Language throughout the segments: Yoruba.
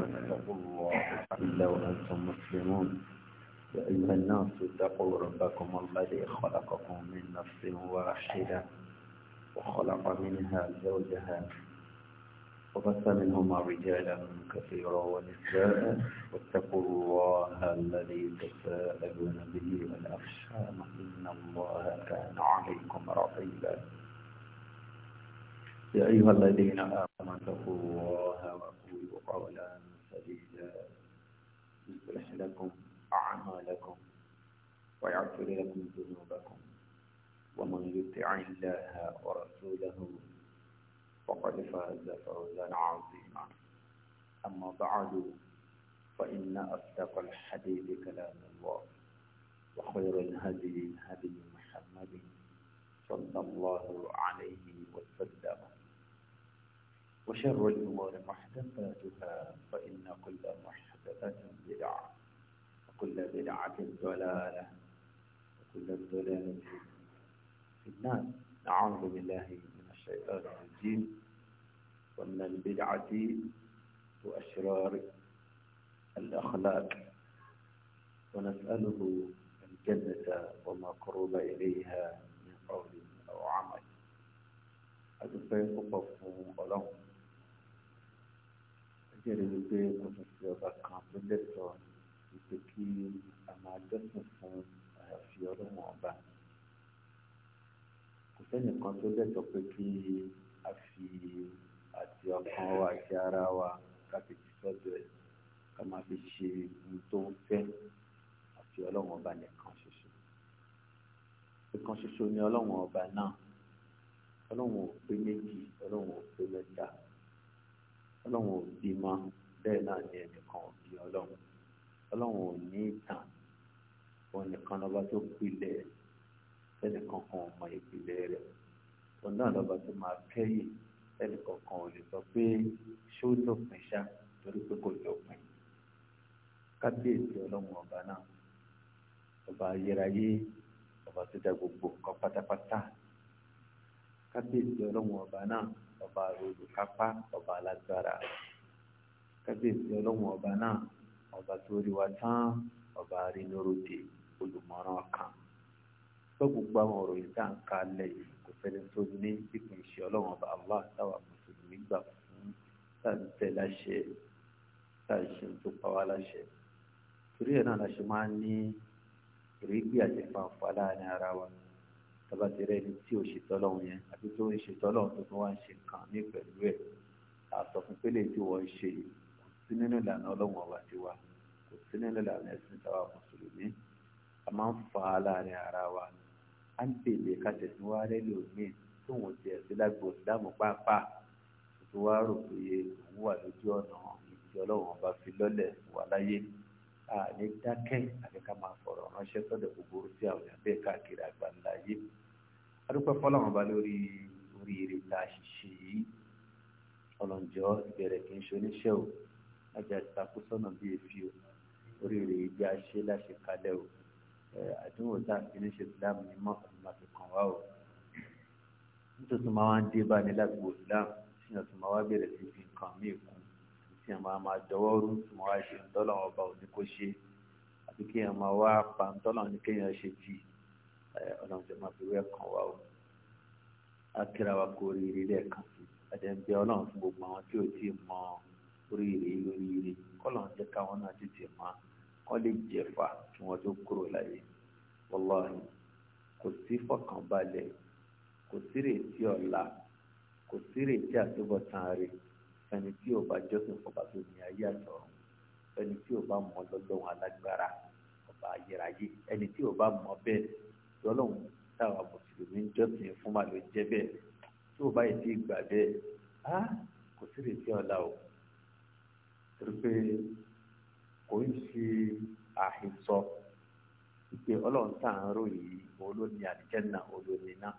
اتقوا الله الا وانتم مسلمون يا ايها الناس اتقوا ربكم الذي خلقكم من نفس واحده وخلق منها زوجها وبث منهما رجالا كثيرا ونساء واتقوا الله الذي تساءلون به والأفشام إن الله كان عليكم رقيبا يا أيها الذين آمنوا اتقوا الله وقولوا قولا سديدا يصلح لكم أعمالكم ويغفر لكم ذنوبكم ومن يطع الله ورسوله فقد فاز فوزا عظيما أما بعد فإن أصدق الحديث كلام الله وخير الهدي هدي محمد صلى الله عليه وسلم وشر الأمور محدثاتها فإن كل محدثة بدعة وكل بدعة ضلالة وكل ضلالة في النار نعوذ بالله من الشيطان الرجيم ومن البدعة وأشرار الأخلاق ونسأله الجنة وما قرب إليها من قول أو عمل أدفع فقف ألوم jẹ́rìí wípé kò sì sí ọba kan tó lẹ́tọ̀ọ́ wípé kí a máa dẹ́sùn fún àyàfi ọlọ́wọ́n ọba kò sẹ́nìkan tó lẹ́tọ̀ọ́ pé kí a fi àti ọkàn wa àti ara wa ká fi ti sọ́dọ̀ ẹ̀ ká máa fi ṣe ohun tó ń fẹ́ àti ọlọ́wọ́n ọba nìkan ṣoṣo nìkan ṣoṣo ni ọlọ́wọ́n ọba náà ọlọ́wọ́n ò pé méjì ọlọ́wọ́n ò pé mẹ́ta ọlọ́run ò bímọ bẹ́ẹ̀ náà ni ẹnìkan ò bí ọlọ́run ọlọ́run ò ní ìtàn òun nìkan lọ́ba tó pilẹ̀ ẹnìkan kan ò mọ ìpìlẹ̀ rẹ̀ òun náà lọ́ba tó máa kẹ́yìn ẹnìkan kan ò lè sọ pé ṣó lópin ṣá torí pé kò lópin kábíyèsí ọlọ́run ọba náà ọba ayérayé ọba tó dá gbogbo nǹkan pátápátá kábíyèsí ọlọ́run ọba náà ọba olùkápá ọba alágbára kábíyèsí ọlọ́run ọba náà ọba tó rí wa tán ọba arínúròdè olùmọ̀ràn kan tó gbogbo àwọn ọ̀rọ̀ yìí tá ń ka alẹ́ yìí kò sẹ́ni tó ní ìpín ìṣẹ́ ọlọ́run ọba allah táwa mùsùlùmí gbà fún táǹtẹ̀ láṣẹ táǹṣe tó pa wá láṣẹ torí ẹ̀ náà la máa ń ní èrè gbé àjẹfà fún aláàárín ara wa ní tọ́ba ti rẹ́ ẹni tí ò ṣètọ́ lọ́hùn yẹn àti tó ń ṣètọ́ lọ́hùn tó tún wá ń ṣe kàn ní pẹ̀lú ẹ̀ àtọ̀kùn pélé tí wọ́n ń ṣe kò sí nínú ìlànà ọlọ́run ọba ti wa kò sí nínú ìlànà ẹ̀sìn táwa mùsùlùmí a máa ń fa láàrin ara wa á ń bèlè ká tẹ̀sí wá rẹ́ lómi tóun ti ẹ̀sìn lágbo ìdáàmú pàápàá tó wá rò pé òun wà lójú ọ̀nà ìdí ọlọ́run ọba fi lọ́lẹ̀ wà láyé àní dákẹ́ àti ká máa fọ̀rọ̀ ránṣẹ́ sọ́dọ̀ gbogbo sí àwọn èèyàn bẹ́ẹ̀ káàkiri àgbáńlá yìí adúpẹ́ fọlọ́run bá lórí oríire tá a ṣiṣẹ́ yìí ọlọ́njọ́ ìbẹ̀rẹ̀ kì í ṣe oníṣẹ́ o ajá ìtakú sọ́nà bí èfi o oríire yìí bí a ṣe o àdúgbò tá a fi ní ṣe islam ní mọ́ àti máa fi kàn wá o nítorí tó máa wá ń dé bá ní lágbo islam sínú tó máa wá bẹ̀rẹ̀ sí fi nǹkan kí ẹ máa máa jọwọ́ rú tí mo wá ṣe ń tọ́lọ̀ ọba òní kó ṣe àti kí ẹ máa wá pa ń tọ́lọ̀ ní kéèyàn ṣe jì ọlọ́run ṣe máa fi wẹ́ kàn wá o akíra wa kó oríire lẹ́ẹ̀kan sí àti ẹ̀ ọlọ́run fún gbogbo àwọn tí ò tí ì mọ oríire lóríire kọ́lọ̀ ń jẹ́ káwọn náà ti tì mọ́ kọ́ lè jẹ̀fà kí wọ́n tó kúrò láyé wọ́lọ́run kò sí fọkànbalẹ̀ kò sí rètí ọ̀la kò sí rètí àtúbọ̀tán rẹ̀ fẹni tí ò bá jọ́sìn fọba tó ní ayé àtọ̀ fẹni tí ò bá mọ lọ́lọ́run alágbára ọba ayérayé ẹni tí ò bá mọ bẹ́ẹ̀ lọ́lọ́run táwa mùsùlùmí ń jọ́sìn fún màlúù jẹ́ bẹ́ẹ̀ tí ò bá yìí ti gbà bẹ́ẹ̀ á kò sí lè fi ọ̀la o torí pé kò ń ṣe àhesọ pé ọlọ́run yìí òun ló ní àlìjẹ́nà òun ló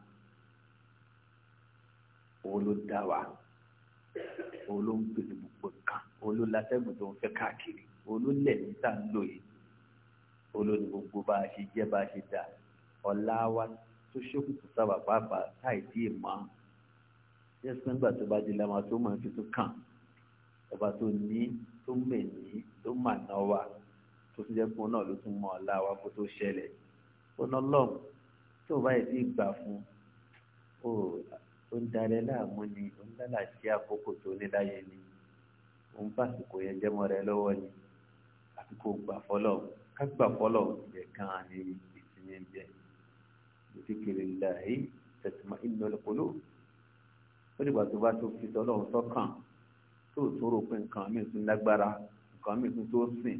ló dá wa òun ló ń pèsè gbogbo nǹkan òun ló látẹ́gùn tó ń fẹ́ káàkiri òun ló lẹ̀ ní tá à ń lò yìí òun ló ní gbogbo bá a ṣe jẹ́ bá a ṣe dà ọ̀la wa tó ṣẹ́kù tó sábà pàápàá táì tí ì mọ́ yẹ́sùn nígbà tó bá di lamọ́ tó máa fi tó kàn ọba tó ní tó mẹ̀ní tó mà ná wa tó tún jẹ́ fún náà ló tún mọ ọ̀la wa kó tó ṣẹlẹ̀ ó lọ́ọ̀mù tó bá yẹ ti gbà fún ó ó ń darẹ láàmú ni ó ń lálàsí àkókò tó ní láyé ni ó ń bàsìkò yẹn jẹ́mọ́ rẹ lọ́wọ́ ni àfi kò gbà fọlọ́ ká gbà fọlọ́ ìyẹn kan ní ìsinmi ń bẹ ìdíkiri láàyè tẹ̀tùmọ̀ ìnọlẹ́kọlọ́ ó dìgbà tó bá tó fi tọ́lọ́run sọ́kàn tó tó rò pé nǹkan mi tún lágbára nǹkan mi tún tó sìn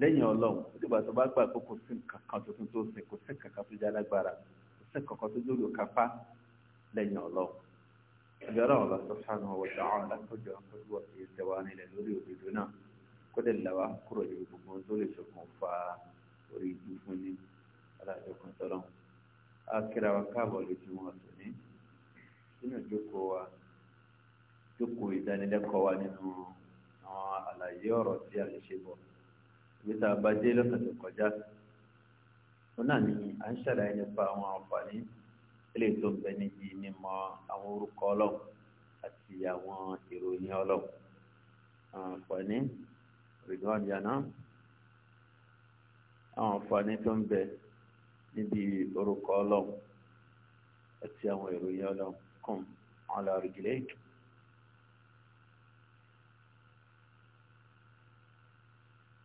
lẹ́yìn ọlọ́run ó dìgbà tó bá gbà pé kò sí nǹkan kan tuntun tó sìn kò sí nǹkan kan tó já lágbára kò sí nǹkan kan tó dóòlù kápá lẹ́yìn ọlọ́run ìgbẹ́rọ Allah subhanahu wa ta'ala kọjọ akọjú ìṣẹ́ wa nílẹ̀ lórí òdodo náà kó dẹ̀ làwà kúrò ní gbogbo tó lè ṣokùn fa orí ibi fún ní alájọkùn tọ́lọ́ akíra wa káàbọ̀ lójúmọ́ ọ̀tún ní sínú ìjókòó wa jókòó ìdánilẹ́kọ̀ọ́ wa nínú àwọn àlàyé ọ̀rọ̀ tí a lè ṣe bọ̀ ibi tá a bá dé lọ́sàn tó kọjá eléyìí tó ń bẹ níbi mímọ̀ àwọn orúkọ ọlọ́run àti àwọn ìròyìn ọlọ́run àǹfààní rìgọ́n yànnà àwọn àǹfààní tó ń bẹ níbi orúkọ ọlọ́run àti àwọn ìròyìn ọlọ́run kùn ala rijlayk.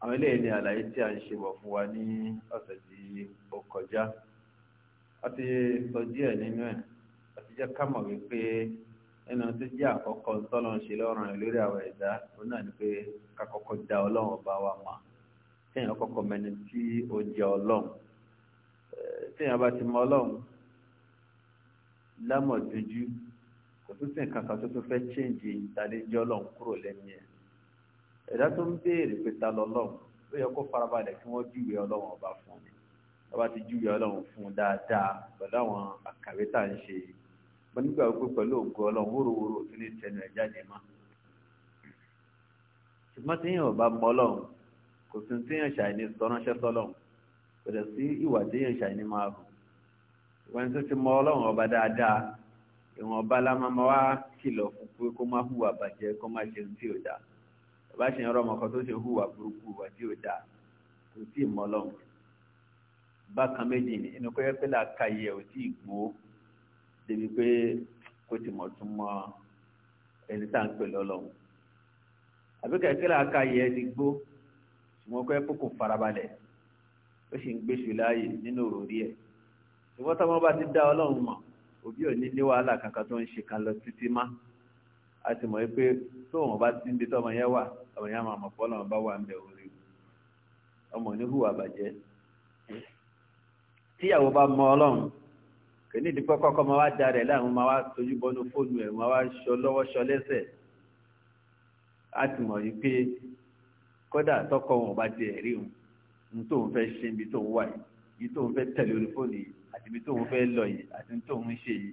àwọn eléyìí ni àlàyé tí a ń ṣe bọ̀ fún wa ní ọ̀sẹ̀ tí ó kọjá ati ti sọ díẹ̀ nínú ẹ̀ a ti jẹ́ ká mọ̀ wípé nínú tó jẹ́ àkọ́kọ́ tọ́lọ́ ń ṣe lọ́rùn rẹ̀ lórí àwọn ẹ̀dá òun náà ni pé ká kọ́kọ́ da ọlọ́run ọba wa mọ̀ téèyàn kọ́kọ́ mẹni tí ó jẹ́ ọlọ́run téèyàn bá ti mọ ọlọ́run lámọ̀dójú kò tún sí nǹkan tó tún fẹ́ chíǹjì ìtàlẹ́jọ́ ọlọ́run kúrò lẹ́nu ẹ̀ ẹ̀dá tó ń béèrè pé ta lọ́lọ́run ó yẹ kó farabalẹ̀ kí wọ́n júwe ọlọ́run ọba fún mi ọba ti júwe ọlọ́run fún un dáadáa pẹ̀lú àwọn àkàwé tá à ń ṣe mo nígbà wípé pẹ̀lú ògo ọlọ́run wóróworó tó ní tẹnu ẹ̀ jáde mọ́ ṣùgbọ́n tí yẹn ò bá mọ ọlọ́run kò sí tí yẹn ṣàìní sọ́ránṣẹ́ sọ́lọ́run kò dẹ̀ sí ìwà tí yẹn ṣàìní máa hù wọ́n tó ti mọ ọlọ́run ọba dáadáa ìwọ̀nba la máa wá kìlọ̀ fún pé kó má hùwà bàjẹ́ kó má ṣe ohun tí ò dáa ọba ṣe ń rọ ọmọ kan tó ṣe hùwà burúkú wà tí ò dáa kò tí ì mọ ọlọ́run bákan méjì ni inú kọ́yẹ́ pé làákàyè ò tí ì gbó débi pé kó ti mọ̀ tún mọ ẹni tá à ń pè lọ́lọ́run àbí kẹ̀kẹ́ làákàyè ẹ ti gbó ṣùgbọ́n kọ́yẹ́ pé kò farabalẹ̀ ó sì ń gbèsè láàyè nínú òròrí ẹ̀ ṣùgbọ́n táwọn bá ti dá ọlọ́run mọ̀ òbí ò ní ní wàhálà kankan tó ń ṣe kan lọ títí má a ti mọ̀ pé tó wọn bá ti ń bi tọmọ yẹn wà ọmọ yẹn máa mọ̀ pọ́ tíyàwó bá mọ ọlọ́run kò ní ìdípẹ́ kọ́kọ́ máa wá darẹ̀ láàrin máa wá tójú bọ́nú fóònù ẹ̀ máa wá sọ lọ́wọ́ sọ lẹ́sẹ̀ á ti mọ̀ yí pé kódà tọkọ wọn bá tiẹ̀ rí òun ní tóun fẹ́ ṣe ibi tóun wà yìí ibi tóun fẹ́ tẹ̀lé orí fóònù yìí àti ibi tóun fẹ́ lọ yìí àti ibi tóun ṣe yìí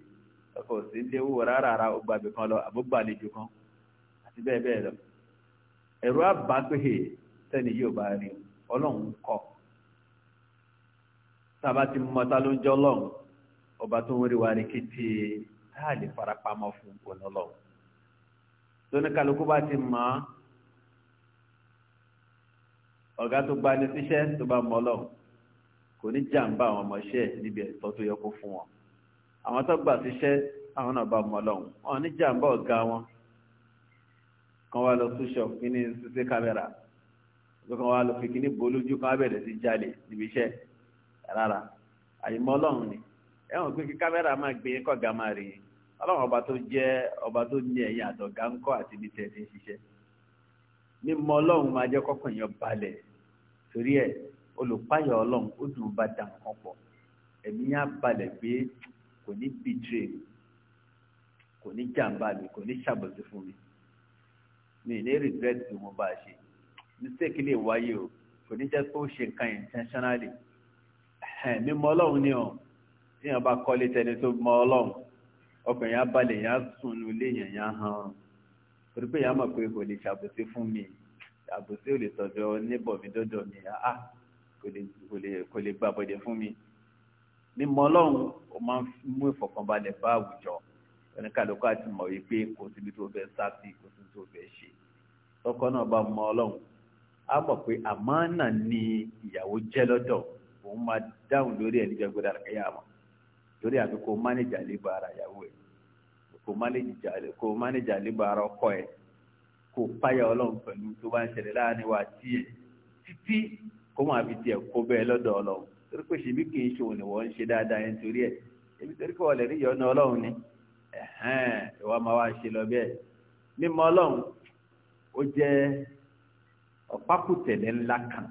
ọkọ̀ sí léwu rárá rárá ó gbàgbé kan lọ àbúgbà àlejò kan àti bẹ́ẹ̀ bẹ́ẹ̀ lọ ẹ̀rọ àbá pé sẹ́ni yóò bá rí ọlọ́run kọ́ sábà ti mọ́ta ló ń jọ lọ́hùn ọba tó ń rí wa ní kété táà lè farapamọ́ fún ọ̀nà lọ́hùn tóníkàlùkù bá ti mọ̀ ọ́ ọ̀gá tó gba ní síṣẹ́ tó bá mọ̀ lọ́hùn kò ní jàǹbá àwọn ọmọọṣẹ́ níbi ẹ̀tọ́ tó yẹ kó fún wọn àwọn tó gbà síṣẹ́ àwọn náà bá mọ̀ lọ́hùn wọn ní jàǹbá ọ̀gá wọn kan wá lọ sóṣọ kíní sísé kámẹ́rà kan wá lọ fi kíní bolójú kan wá bẹ̀rẹ̀ sí jalè níbi iṣẹ́ rárá àyìnbó ọlọ́run ni ẹ̀wọ̀n pé kí kámẹ́rà máa gbé kọ̀gá máa rí ọlọ́run ọba tó jẹ́ ọba tó ní ẹ̀yìn àtọ̀gá ń àti ibi tẹ̀ ti ń ṣiṣẹ́ ọlọ́run máa jẹ́ balẹ̀ torí ẹ̀ olùpáyọ̀ ọlọ́run ó dùn bá dà nǹkan pọ̀ pé kò ní kò ní jàǹbá mi kò ní fún mi mi ní regret bí mo bá ṣe mistake lè wáyé o kò ní jẹ́ ó ṣe mímọ̀ ọlọ́run ni ọ̀ ni bá kọ́lé tẹni tó mọ ọlọ́run ọkàn yẹn balẹ̀ yẹn sùn nù lé yẹn yẹn hàn torí pé yẹn mọ̀ fún mi àbòsí ò lè tọ̀dọ̀ níbọ̀ mi dọ́dọ̀ mi àá kò lè fún mi ọlọ́run ó máa ń mú ìfọ̀kànbalẹ̀ bá àwùjọ àti mọ̀ wípé kò síbi tó fẹ́ sá sí kò síbi tó fẹ́ ṣe tọkọ náà bá mọ ọlọ́run á mọ̀ pé ni ìyàwó òun máa dáhùn lórí ẹ̀ níjọ́ gbọ́dọ̀ àkàyà wọn torí àfi kò mánéjà lébà ara ìyàwó ẹ̀ kò mánéjà lébà ara ọkọ ẹ̀ kò páyà ọlọ́run pẹ̀lú tó bá ń ṣẹlẹ̀ láàrin wa tiẹ̀ títí kó máa fi tiẹ̀ kó bẹ́ẹ̀ lọ́dọ̀ ọlọ́run torí pé ṣèbí kì í ṣe òun ìwọ ń ṣe dáadáa yẹn torí ẹ̀ èmi torí pé ọ̀lẹ́rí yọ̀ọ́nù ọlọ́run ni ìwà máa wá ṣe lọ bẹ́ẹ̀ mímọ́ ọlọ́run ó jẹ́ ọ̀pákùtẹ̀lẹ̀ ńlá kan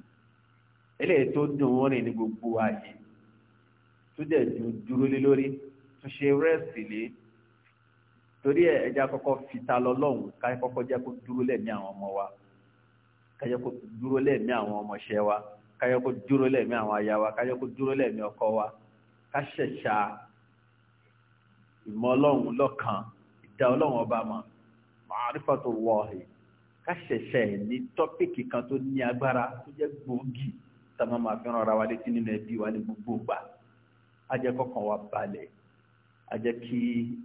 eléyìí tó dùn ún rìn ní gbogbo ààyè tó dẹ̀ ju dúró lé lórí tó ṣe rẹ́ẹ̀sì lé torí ẹ̀ ẹja kọ́kọ́ fi ta lọ lọ́hùn ká kọ́kọ́ jẹ́ kó dúró lẹ́mí àwọn ọmọ wa ká jẹ́ kó dúró lẹ́mí àwọn ọmọọṣẹ́ wa ká jẹ́ kó dúró lẹ́mí àwọn aya wa ká jẹ́ kó dúró lẹ́mí ọkọ wa ká ṣẹ̀ṣà ìmọ̀ ọlọ́run lọ́kàn ìdá ọlọ́run ọba mọ̀ màrífàtò wọ̀ọ̀hì ká ṣẹ̀ṣà ẹ̀ ní tọ́pìkì kan tó ní agbára tó jẹ́ gbòógì sábà máa fi ràn ara wa létí nínú ẹbí wa ní gbogbo ìgbà á jẹ́ kọ́kàn wa balẹ̀ á jẹ́ kí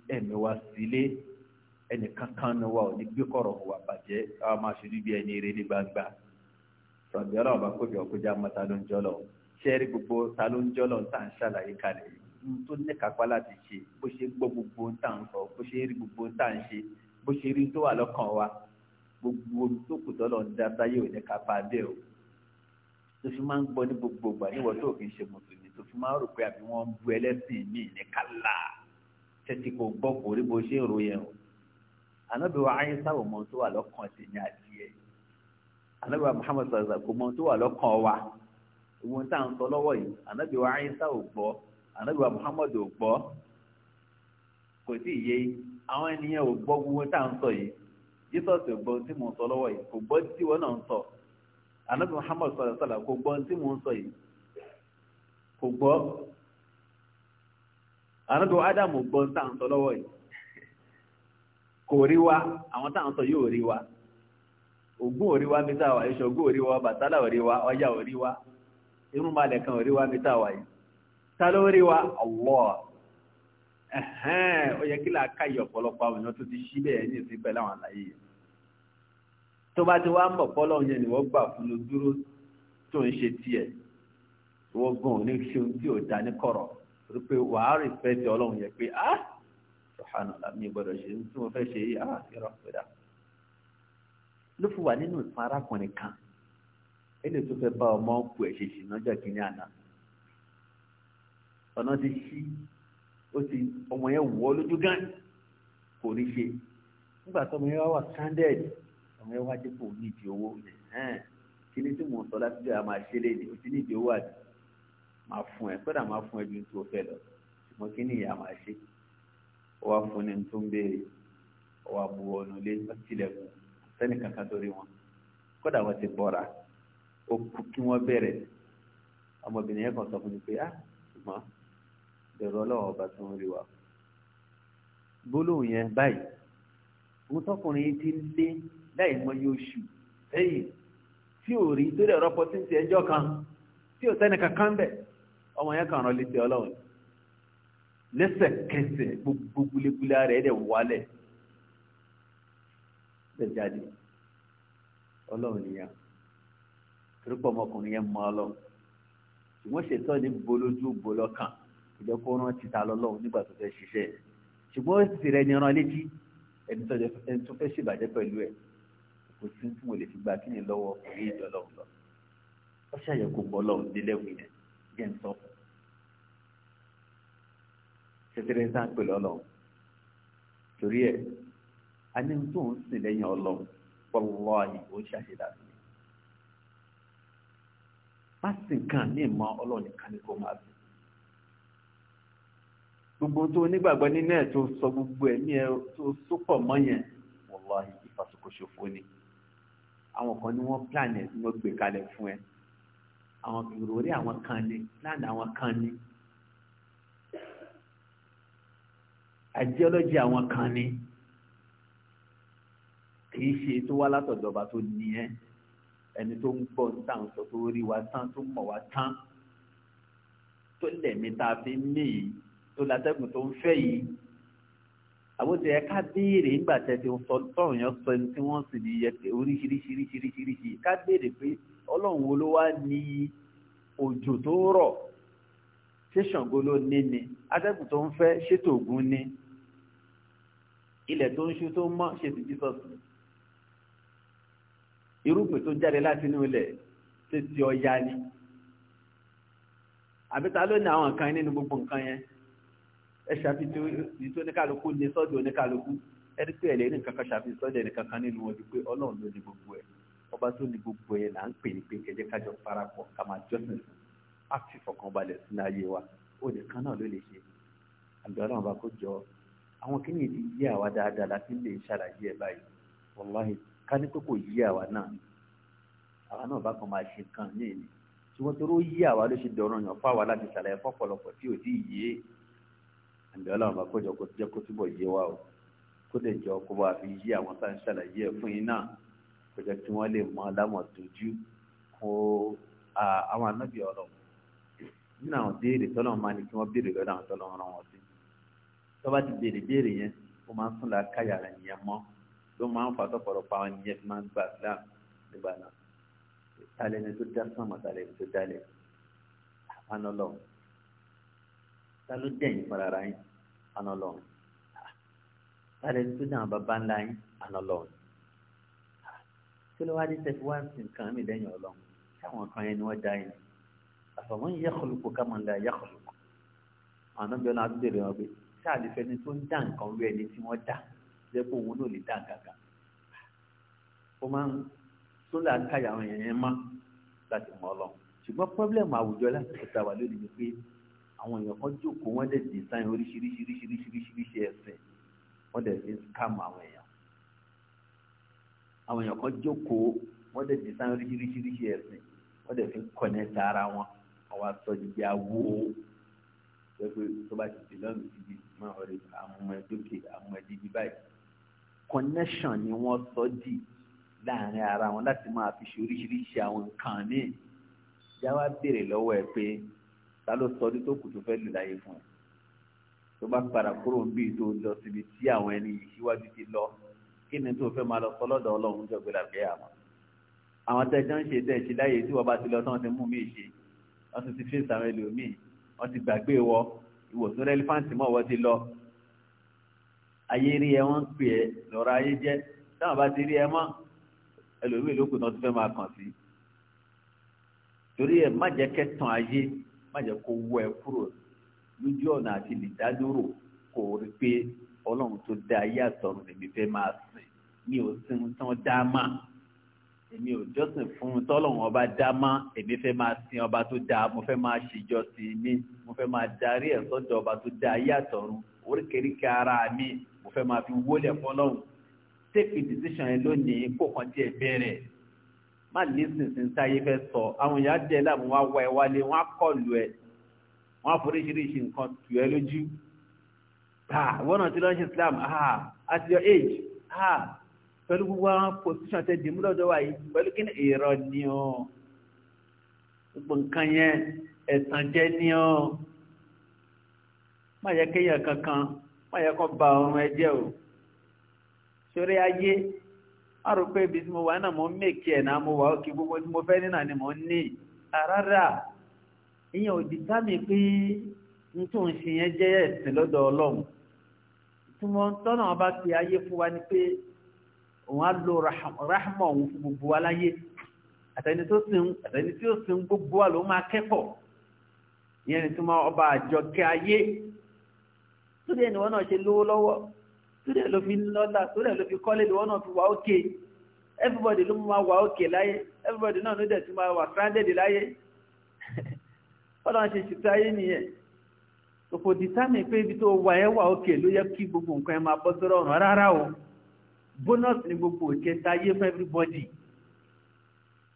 ẹ̀mí wa sílé ẹnì kankan ní wa ò ní gbé kọ̀rọ̀ wa bàjẹ́ ká máa ṣe bí ẹni eré ní gbangba tọ́jú ọlọ́run bá kójọ kójá mọ́ ta ló ń jọ́ lọ gbogbo ta ló ń jọ́ lọ tó ní kápá láti ṣe bó ṣe gbọ́ gbogbo tá à bó ṣe rí gbogbo tá à bó ṣe rí tó wà lọ́kàn wa gbogbo tó kù tọ́lọ̀ ń dá ò ní kápá bẹ́ẹ̀ o tó fi máa ń gbọ́ ní gbogbo ìgbà níwọ̀ tó kì í ṣe mùsùlùmí tó fi máa ń rò pé àbí wọ́n ń bu ẹlẹ́sìn mi ní kálá tẹ́tí kò gbọ́ kò rí bó ṣe ń ro yẹn o ànábì wa ayé sáwò mọ tó wà lọ́kàn sí ní adìyẹ ànábì wa Muhammad sàzà kò mọ tó wà lọ́kàn wa ìwọ̀n tá à ń sọ lọ́wọ́ yìí ànábì wa ayé sáwò gbọ́ ànábì wa Muhammad ò gbọ́ kò sí ìyẹ àwọn ènìyàn ò gbọ́ gbogbo tá à ń sọ yìí Jésù ò gbọ́ tí anabi muhammad sọ̀rọ̀ sọ̀rọ̀ kò gbọ́ tí mò ń sọ yìí kò gbọ́ anabi adamu gbọ́ tá à ń sọ lọ́wọ́ yìí kò rí wa àwọn tá à ń sọ yóò rí wa ògún ò rí wa mítà wà iṣẹ́ ògún ò rí wa bàtálà ò rí wa ọya ò rí wa irun malẹ̀ kan ò rí wa mítà wà yìí ló rí wa Allah ẹ̀hẹ́n ó yẹ kí làákàyè ọ̀pọ̀lọpọ̀ àwọn èèyàn tó ti ṣí bẹ́ẹ̀ ní ìsìn pẹ̀lú àwọn àlàyé yìí tó bá ti wá mọ̀ pọ́lọ́ yẹn ni wọ́n gbà fún ló dúró tó ń ṣe tiẹ̀ wọ́n gan ní ṣe tí ò dá kọ̀rọ̀ rí pé wàá rí fẹ́ ti ọlọ́run yẹn pé ah subhanallah mi gbọ́dọ̀ ṣe tí mo fẹ́ ṣe yìí ah irọ́ pẹ̀dá ló fi wà nínú ìtàn arákùnrin kan ẹni tó fẹ́ bá ọmọ ọkù ẹ̀ ṣe ṣìnà ọjọ́ kìíní àná ọ̀nà ti ṣí ó ti ọmọ yẹn wọ́ lójú gan kò rí ṣe nígbà tó ọmọ yẹn wà stranded àwọn ẹwà dípò nídìí owó kí ni tí mò ń sọ láti jẹ́ àmà ṣe lé ní o ti nídìí owó àti máa fún ẹ kódà máa fún ẹ ju tó fẹ́ lọ ṣùgbọ́n kí ni ìyá máa ṣe ó wá fún ni tó ń béèrè ó wá bu ọ̀nà ilé wọ́n tilẹ̀kùn sẹ́ni kankan torí wọn kódà wọ́n ti bọ́ra ó kú kí wọ́n bẹ̀rẹ̀ ọmọbìnrin yẹn kan sọ fún mi pé ah ṣùgbọ́n bẹ̀rù ọlọ́wọ́ ọba tó ń rí wa gbólóhùn yẹn báyìí mo tọkùnrin ti ń lé láì mọ iye oṣù lẹ́yìn tí ò rí torí ẹ̀rọ pọtíǹtì ẹjọ́ kan tí ò sẹ́ni kankan bẹ̀ ọmọ yẹn kàn rán létí ọlọ́run lẹ́sẹ̀kẹsẹ̀ gbogbo gbulegbule rẹ̀ dẹ̀ wálẹ̀ lè jáde ọlọ́run nìyẹn torípọ̀ ọmọkùnrin yẹn mọ ọlọ́run ṣùgbọ́n ṣètò ní bolójú bolọ́kàn ìjọ kó rán títa lọ́lọ́run nígbà tó fẹ́ ṣiṣẹ́ ṣùgbọ́n ó sì rẹ̀ ní rán létí ẹni tó fẹ́ ṣèbàjẹ́ pẹ̀lú ẹ̀ kò sí tí fi gba kí ni lọ́wọ́ ọkùnrin ìjọ lọ́wọ́ lọ ó ṣàyẹ̀ kó bọ́ lọ́wọ́ délẹ̀wì yẹn jẹ́ ń sọ fún tẹ́tẹ́rẹ́ ń sáà pèlú ọlọ́run torí ẹ̀ a ní tó ń sìn lẹ́yìn ọlọ́run wọ́lọ́ọ̀hìn ó ṣàṣedà sí i má sìn kàn ní ìmọ̀ ọlọ́run nìkan ni kò máa sìn gbogbo tó onígbàgbọ́ nínú ẹ̀ tó sọ gbogbo ẹ̀mí ẹ̀ tó sópọ̀ mọ́ yẹn wọ́lọ́ọ̀hìn ìfàsókòṣòfò àwọn kan ni wọ́n plan ẹ̀ tí wọ́n gbé kalẹ̀ fún ẹ àwọn ìròrí àwọn kan ni plan àwọn kan ni ideology àwọn kan ni kìí ṣe tó wá látọ̀dọ̀ba tó ní ẹ ẹni tó ń gbọ́ ń sọ tó rí wa tán tó mọ̀ wa tán tó lẹ̀mí tá a fi mí tó látẹ́gùn tó ń fẹ́ yìí àbótẹ ẹ ká béèrè nígbà tẹ ti sọ tọrùn yẹn sọ ẹni tí wọn sì ní yẹtẹ oríṣiríṣiríṣiríṣiríṣi ká béèrè pé Ọlọ́run wo ló wá ní òjò tó rọ̀ ṣé Ṣàngó ló ní ni atẹ́gùn tó ń fẹ́ ṣètò ògùn ni ilẹ̀ tó ń ṣú tó mọ́ ṣètò Jesus ni irúgbìn tó jáde láti inú ilẹ̀ ṣètò ọya ni àbí ta ló ní àwọn nǹkan nínú gbogbo nǹkan yẹn ẹ ṣàfihàn tó oníkàlùkù ní sọ́dọ̀ oníkàlùkù ẹni pé ẹ̀lẹ́ ní kankan ṣàfihàn sọ́dọ̀ ẹni kankan nínú wọn ju pé ọlọ́run ló ní gbogbo ẹ̀ ọba tó ní gbogbo ẹ̀ là ń pè ní pé kẹjẹ kájọ parapọ̀ ká máa jọ́sìn fún á fi fọkànbalẹ̀ sínú ayé wa ó nìkan náà ló lè ṣe àbí ọlọ́run bá kó jọ àwọn kí nìyí yí àwa dáadáa láti lè ṣàlàyé ẹ̀ báyìí wàláhì ká ní pé yí àbí ọlọ́run bá kọjọ kó jẹ́ kó túbọ̀ yé wa o kó lè jọ kó bá fi yí àwọn tá à ń ṣàlàyé ẹ̀ fún yín náà kó jẹ́ kí wọ́n lè mọ alámọ̀dójú kó àwọn anábì ọ̀rọ̀ nínú àwọn béèrè tọ́lọ́run máa ní kí wọ́n béèrè lọ́dọ̀ àwọn tọ́lọ́run rán wọn sí tó bá ti béèrè béèrè yẹn ó máa ń sún la káyà rẹ̀ yẹn mọ́ ló máa ń fa tọ́pọ̀lọpọ̀ àwọn ìyẹn fi máa ń gbà Islam nígbà náà ni tó dá sánmà ni tó dálẹ̀ àpánọ́lọ́ ta ló dẹ̀yìn fara ara yín àná lọ́run láti ẹni tó dáhùn bàbá ńlá yín àná lọ́run kí ló wá dé tẹ̀sí wá sí nǹkan mi lẹ́yìn ọlọ́run táwọn kan yẹn ni wọ́n dá yín àfàmọ́ yẹ kọlùkù ká máa ń la yẹ kọlùkù àwọn náà bí wọn á bèrè wọn pé sáà lè fẹni tó ń dá nǹkan wí ẹni tí wọ́n dá jẹ́ pé òun náà lè dá nǹkan ó máa ń sólà káyà àwọn yẹn má láti mọ̀ ọlọ́run ṣùgbọ́n pọ́blẹ́mù àwùjọ láti àwọn èèyàn kan jókòó wọ́n dẹ̀ design oríṣiríṣiríṣiríṣiríṣi ẹ̀sìn wọ́n dẹ̀ fi scam àwọn èèyàn àwọn èèyàn kan jókòó wọ́n dẹ̀ design oríṣiríṣiríṣi ẹ̀sìn wọ́n dẹ̀ fi connect ara wọn àwọn asọ́jìbí awó pẹ̀lú tó bá ti di lọ́nà síbi máa ń rí àwọn ọmọ ẹ̀dókè àwọn ọmọ ẹ̀dígbì báyìí connection ni wọ́n sọ dì láàrin ara wọn láti máa fi ṣe oríṣiríṣi àwọn nǹkan míì jáwá béèrè lọ́wọ́ ẹ pé ta ló sọ ọdún tó kù tó fẹ́ lò láyé fún ẹ tó bá padà kúrò ń bí tó lọ síbi tí àwọn ẹni ìṣíwájú ti lọ kí ni tó fẹ́ máa lọ sọlọ́dọ̀ ọlọ́run jọ gbé làbẹ́ àmọ́ àwọn tẹ́jọ́ ń ṣe tẹ́ẹ̀ṣe láyé tí wọ́n bá ti lọ tán ti mú mi ṣe wọ́n ti ti fèsì àwọn ẹlòmíì wọ́n ti gbàgbé wọ ìwòsàn rẹ́lífáǹtì mọ́ wọ́n ti lọ ayé rí ẹ wọ́n ń pè ẹ lọ́rọ̀ ayé jẹ́ táwọn bá ti rí ẹ mọ́ ẹlòmíì lókùn náà ti fẹ́ máa kàn sí torí ẹ má jẹ́ kẹ́tàn ayé má jẹ́ kó wọ́ ẹ kúrò lójú ọ̀nà àti lìdádúró kò rí pé ọlọ́run tó dá ayé àtọ̀run lèmi fẹ́ máa sìn mi ò sin tán dá mà èmi ò jọ́sìn fún un tọ́lọ́run ọba dá mà èmi fẹ́ máa sin ọba tó dá mo fẹ́ máa ṣèjọsìn mi mo fẹ́ máa darí ẹ̀ sọ́dọ̀ ọba tó dá ayé àtọ̀run oríkèéríkèé ara mi mo fẹ́ máa fi wólẹ̀ fọlọ́run take a decision lónìí kó kàn tiẹ̀ bẹ̀rẹ̀ má nísinsìnyí táyé fẹ́ sọ àwọn èèyàn jẹ́ láàmú wá wá ẹ wálé wọ́n á kọlù ẹ wọ́n á foríṣiríṣi nǹkan tù ẹ lójú wọ́n náà ti lọ́ọ́ ṣe Islam at your age pẹ̀lú gbogbo àwọn position tẹ́ dìmú lọ́dọ̀ wa yìí pẹ̀lú kí ni èrò ni o gbogbo nǹkan yẹn ẹ̀tàn jẹ́ ni o má yẹ kéèyàn kankan má yẹ kó ba ọrùn ẹ jẹ́ o sórí ayé a rò pé ibi tí mo wà náà mo ń ẹ̀ gbogbo tí mo fẹ́ nínà ni mo ní rárá ìyẹn ò dì sámi pé n tó ń ṣe yẹn jẹ́ ẹ̀sìn lọ́dọ̀ ọlọ́run ọba ayé fún wa ni pé òun rahma òun fún gbogbo wa láyé àtẹni tí ó gbogbo wa ló máa kẹ́kọ̀ọ́ ìyẹn ni tí ọba ayé tó dé ni wọn náà ṣe torí ẹ̀ ló fi lọ́lá torí ẹ̀ ló fi kọ́lé lọ́wọ́ náà fi wà ókè everybody ló máa wà ókè láyé everybody náà ló dẹ̀ tún máa wà stranded láyé ọlọ́run ṣe ṣètò ayé nìyẹn òfò dìtámì pé ibi tó wà ẹ́ wà ókè ló yẹ kí gbogbo nǹkan ẹ máa bọ́ sọ́rọ̀ ọ̀run rárá o bonus ni gbogbo òkè ta ayé fún everybody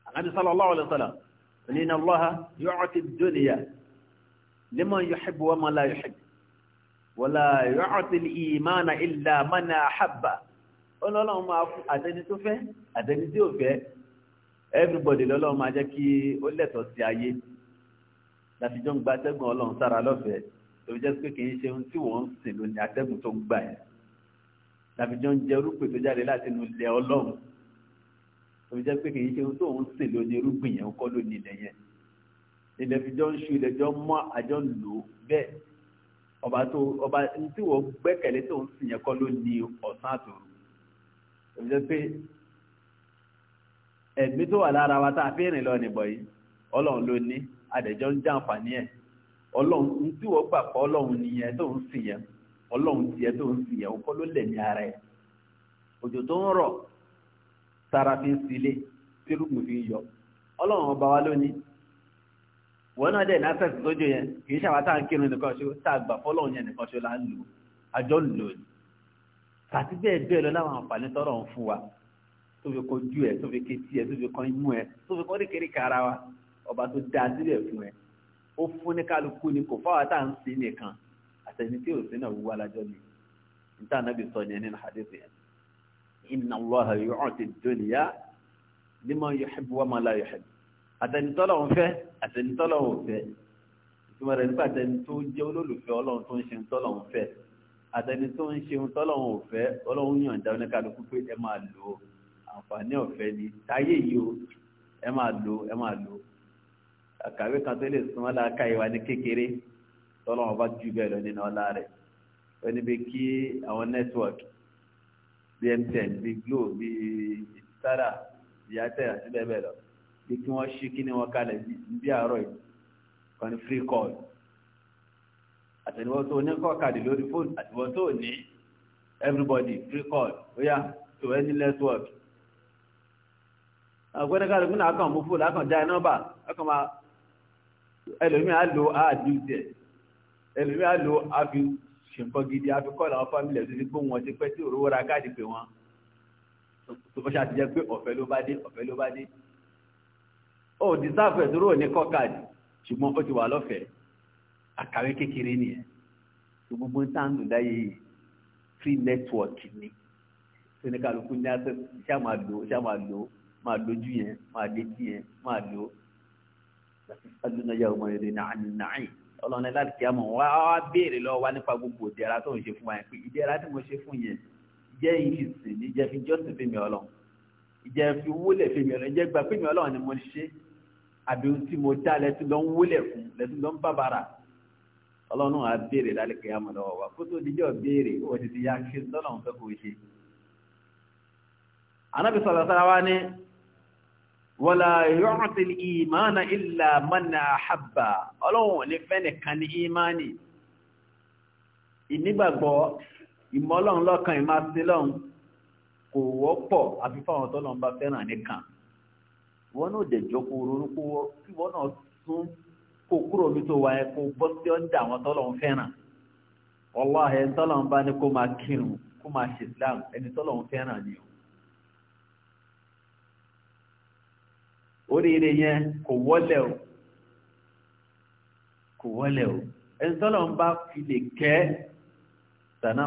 anabi sallallahu alayhi wa sallam inna Allaha yu'ti ad-dunya liman yuhibbu wa man la yuhibbu wọ́lá yọ́ọ̀tìlì ìmánà ìlà mánà àhábà ọlọ́lọ́run máa fún àtẹni tó fẹ́ àtẹni tí ò fẹ́ everybody lọ́lọ́run máa jẹ́ kí ó lẹ́tọ̀ọ́ sí ayé láti jọ ń gba atẹ́gùn ọlọ́run sára lọ́fẹ̀ẹ́ tó jẹ́ pé kì í ṣe ohun tí wọ́n ń sìn lónìí atẹ́gùn tó ń gbà yẹn láti jọ ń jẹ irúgbìn tó jáde láti inú ilẹ̀ ọlọ́run tó jẹ́ pé kì í ṣe ohun tó ń sìn lónìí ọba tó ọba tí wọ́n gbẹ́kẹ̀lé tó ń sìn yẹn kọ́ ló ní ọ̀sán àtòrò òjò pé ẹ̀mí tó wà lára wa tá a fi rìn lọ nìbọ̀ yìí ọlọ́run ló ní àdẹ̀jọ́ ń jàǹfààní ẹ̀ ọlọ́run tí wọ́n gbà pọ̀ ọlọ́run nìyẹn tó ń sìn yẹn ọlọ́run tiẹ̀ tó ń yẹn kọ́ ló lẹ̀ ní ara ẹ̀ òjò tó ń rọ̀ sára fi ń sílé tí fi ń yọ ọlọ́run ọba wa wọ́n náà dẹ̀ ní access lójú yẹn kì í ṣàwá tá à ń kírun nìkan ṣó tá a gbà fọ́lọ́ yẹn nìkan ṣó là ń lò àjọ ń lò ní. àti bẹ́ẹ̀ bẹ́ẹ̀ lọ láwọn àǹfààní tọ́rọ̀ ń fún wa tó fi kojú ẹ tó fi ketí ẹ tó fi kan imú ẹ tó fi kọ́ ní kiri kara wa ọba tó da sílẹ̀ fún ẹ ó fún ní kálukú ni kò fáwọn tá à ń sin nìkan àtẹni tí ò sí náà wúwo alájọ ni níta anábì sọ yẹn nínú hadith yẹn àtẹnitọ́lọ́hún fẹ́ àtẹnitọ́lọ́hún fẹ́ ìtumọ̀ rẹ̀ nípa àtẹni tó jẹ́ olólùfẹ́ ọlọ́run tó ń ṣe tọ́lọ́hún fẹ́ àtẹni tó ń ṣe tọ́lọ́hún fẹ́ ọlọ́run yọ̀ǹda oníkálukú pé ẹ máa lò ó àǹfààní ọ̀fẹ́ ni táyé yìí o ẹ máa lò ẹ máa lò àkàwé kan tó lè súnmọ́ láàka ìwà ní kékeré tọ́lọ́hún bá ju bẹ́ẹ̀ lọ nínú ọlá rẹ̀ ẹni bí kí àwọn nẹ́tíwọ̀kì bíi MTN bíi Glo bíi Tara bíi atẹ́ àti bẹ́ẹ̀ bẹ́ẹ̀ lọ pé kí wọ́n ṣí kí ni wọ́n kalẹ̀ níbi àárọ̀ yìí kan free call àtẹ̀wọ́ tó ní kọ́kàdé lórí fóònù àtẹ̀wọ́ tó ní everybody free call oya to any network àgbẹ̀dẹ́ ká lóògùn náà kàn mú fóònù àkàn já nọ́mbà àkàn máa ẹlòmíì á lo àádìí tiẹ̀ ẹlòmíì á lo àfi ṣèǹkan gidi àfi kọ́ làwọn fámìlì ẹ̀ tó ti gbóhùn wọn ti pẹ́ tí òróró ra káàdì pé wọn tó fẹ́ ṣàtijọ́ pé ọ̀fẹ́ ló bá dé ọ̀fẹ́ ló bá dé ó dìsáfẹ̀ dúró ní kọ́kàdì ṣùgbọ́n ó ti wà lọ́fẹ̀ẹ́ àkàwé kékeré nìyẹn gbogbo táǹdù láyé free network ni sẹ́nìkàlùkù ní access ṣá máa lò ṣá máa lò máa lójú yẹn máa létí yẹn máa lò alùpàdùnà yà ọmọ ìrìn nàánì ọlọ́run ẹ̀ láti kíámọ̀ wá béèrè lọ́wọ́ wá nípa gbogbo ìdẹ̀ra tó ń ṣe fún wa yẹn pé ìdẹ̀ra tí mo ṣe fún yẹn jẹ́ ìfìsì ní jẹ́ fi jọ́sìn fèmí ọlọ́run ìjẹ́ fi wúlẹ̀ fèmí ọlọ́run ìjẹ́ gbà fèmí ọlọ́run ni mo ṣe é àbí ohun tí mo dá lẹ́tí lọ ń wólẹ̀ fún lẹ́tí lọ ń bàbàrà ọlọ́run á béèrè lálẹ́kẹ̀ àmọ́ lọ́wọ́ wa kó tó dijọ́ béèrè ó ti ti ya ṣe lọ́nà fẹ́ kó ṣe. anábì sọ̀rọ̀ sára wa ní wọ́lá yọ̀ọ̀tì ìmánà ìlà mánà àhábà ọlọ́run ní fẹ́ni kan ní ìmánì ìnígbàgbọ́ ìmọ̀ ọlọ́run lọ́kàn ìmásílọ́run kò wọ́pọ̀ àfi fáwọn tọ́lọ́run bá fẹ́ràn nìkan wọn náà dẹjọ jọ ronú kó kí wọn náà tún kó kúrò mi tó wáyé kó bọ́ sí ọ́ndà àwọn tọ́lọ̀ ń fẹ́ràn tọ́lọ̀ ń bá ní kó máa kírun kó máa ṣe Islam ẹni tọ́lọ̀ ń fẹ́ràn ni o. oríire yẹn kò wọlé o kò wọlé o ẹni tọ́lọ̀ ń bá fi lè kẹ́ sànà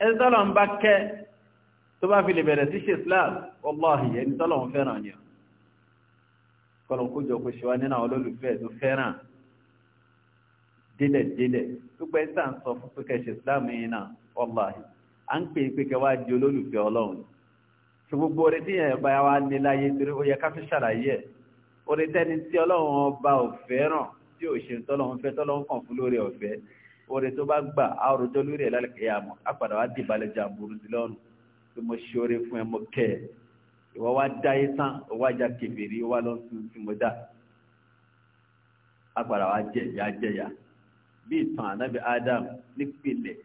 ẹni tọ́lọ̀ tó bá fi lè bẹ̀rẹ̀ sí ṣe islam wọ́láhì ẹni tọ́lọ̀wọ́n fẹ́ràn ni kọlọ̀ kójọ kó ṣe wá nínú àwọn olólùfẹ́ tó fẹ́ràn délẹ̀ délẹ̀ tó pẹ́ sá ń sọ fún pé kẹ́ ṣe islam yìí náà wọ́láhì à ń pè é pé kẹ́ wá di olólùfẹ́ ọlọ́run tó gbogbo orí tí yẹn bá wá ní láyé torí ó yẹ ká fi ṣàlàyé orí tẹ́ni tí ọlọ́run ọba ò fẹ́ràn tí ò ṣe tọ́lọ́run fẹ́ tọ́lọ́run kàn fún lórí ọ̀fẹ́ orí tó bá gbà á rojọ́ lórí ẹ̀ lálẹ́ kẹ́yà á padà wá dìbalẹ̀ jàǹbùrù sí lọ́rùn pé mo ṣoore fún kẹ. mo wa ẹ ìwọ san dáyé wa ọwọ́ ajá kẹfìrí wá lọ sí tí mo dá apàdà wa jẹ̀yà jẹya bí ìtàn ànábì Adam nípìnlẹ̀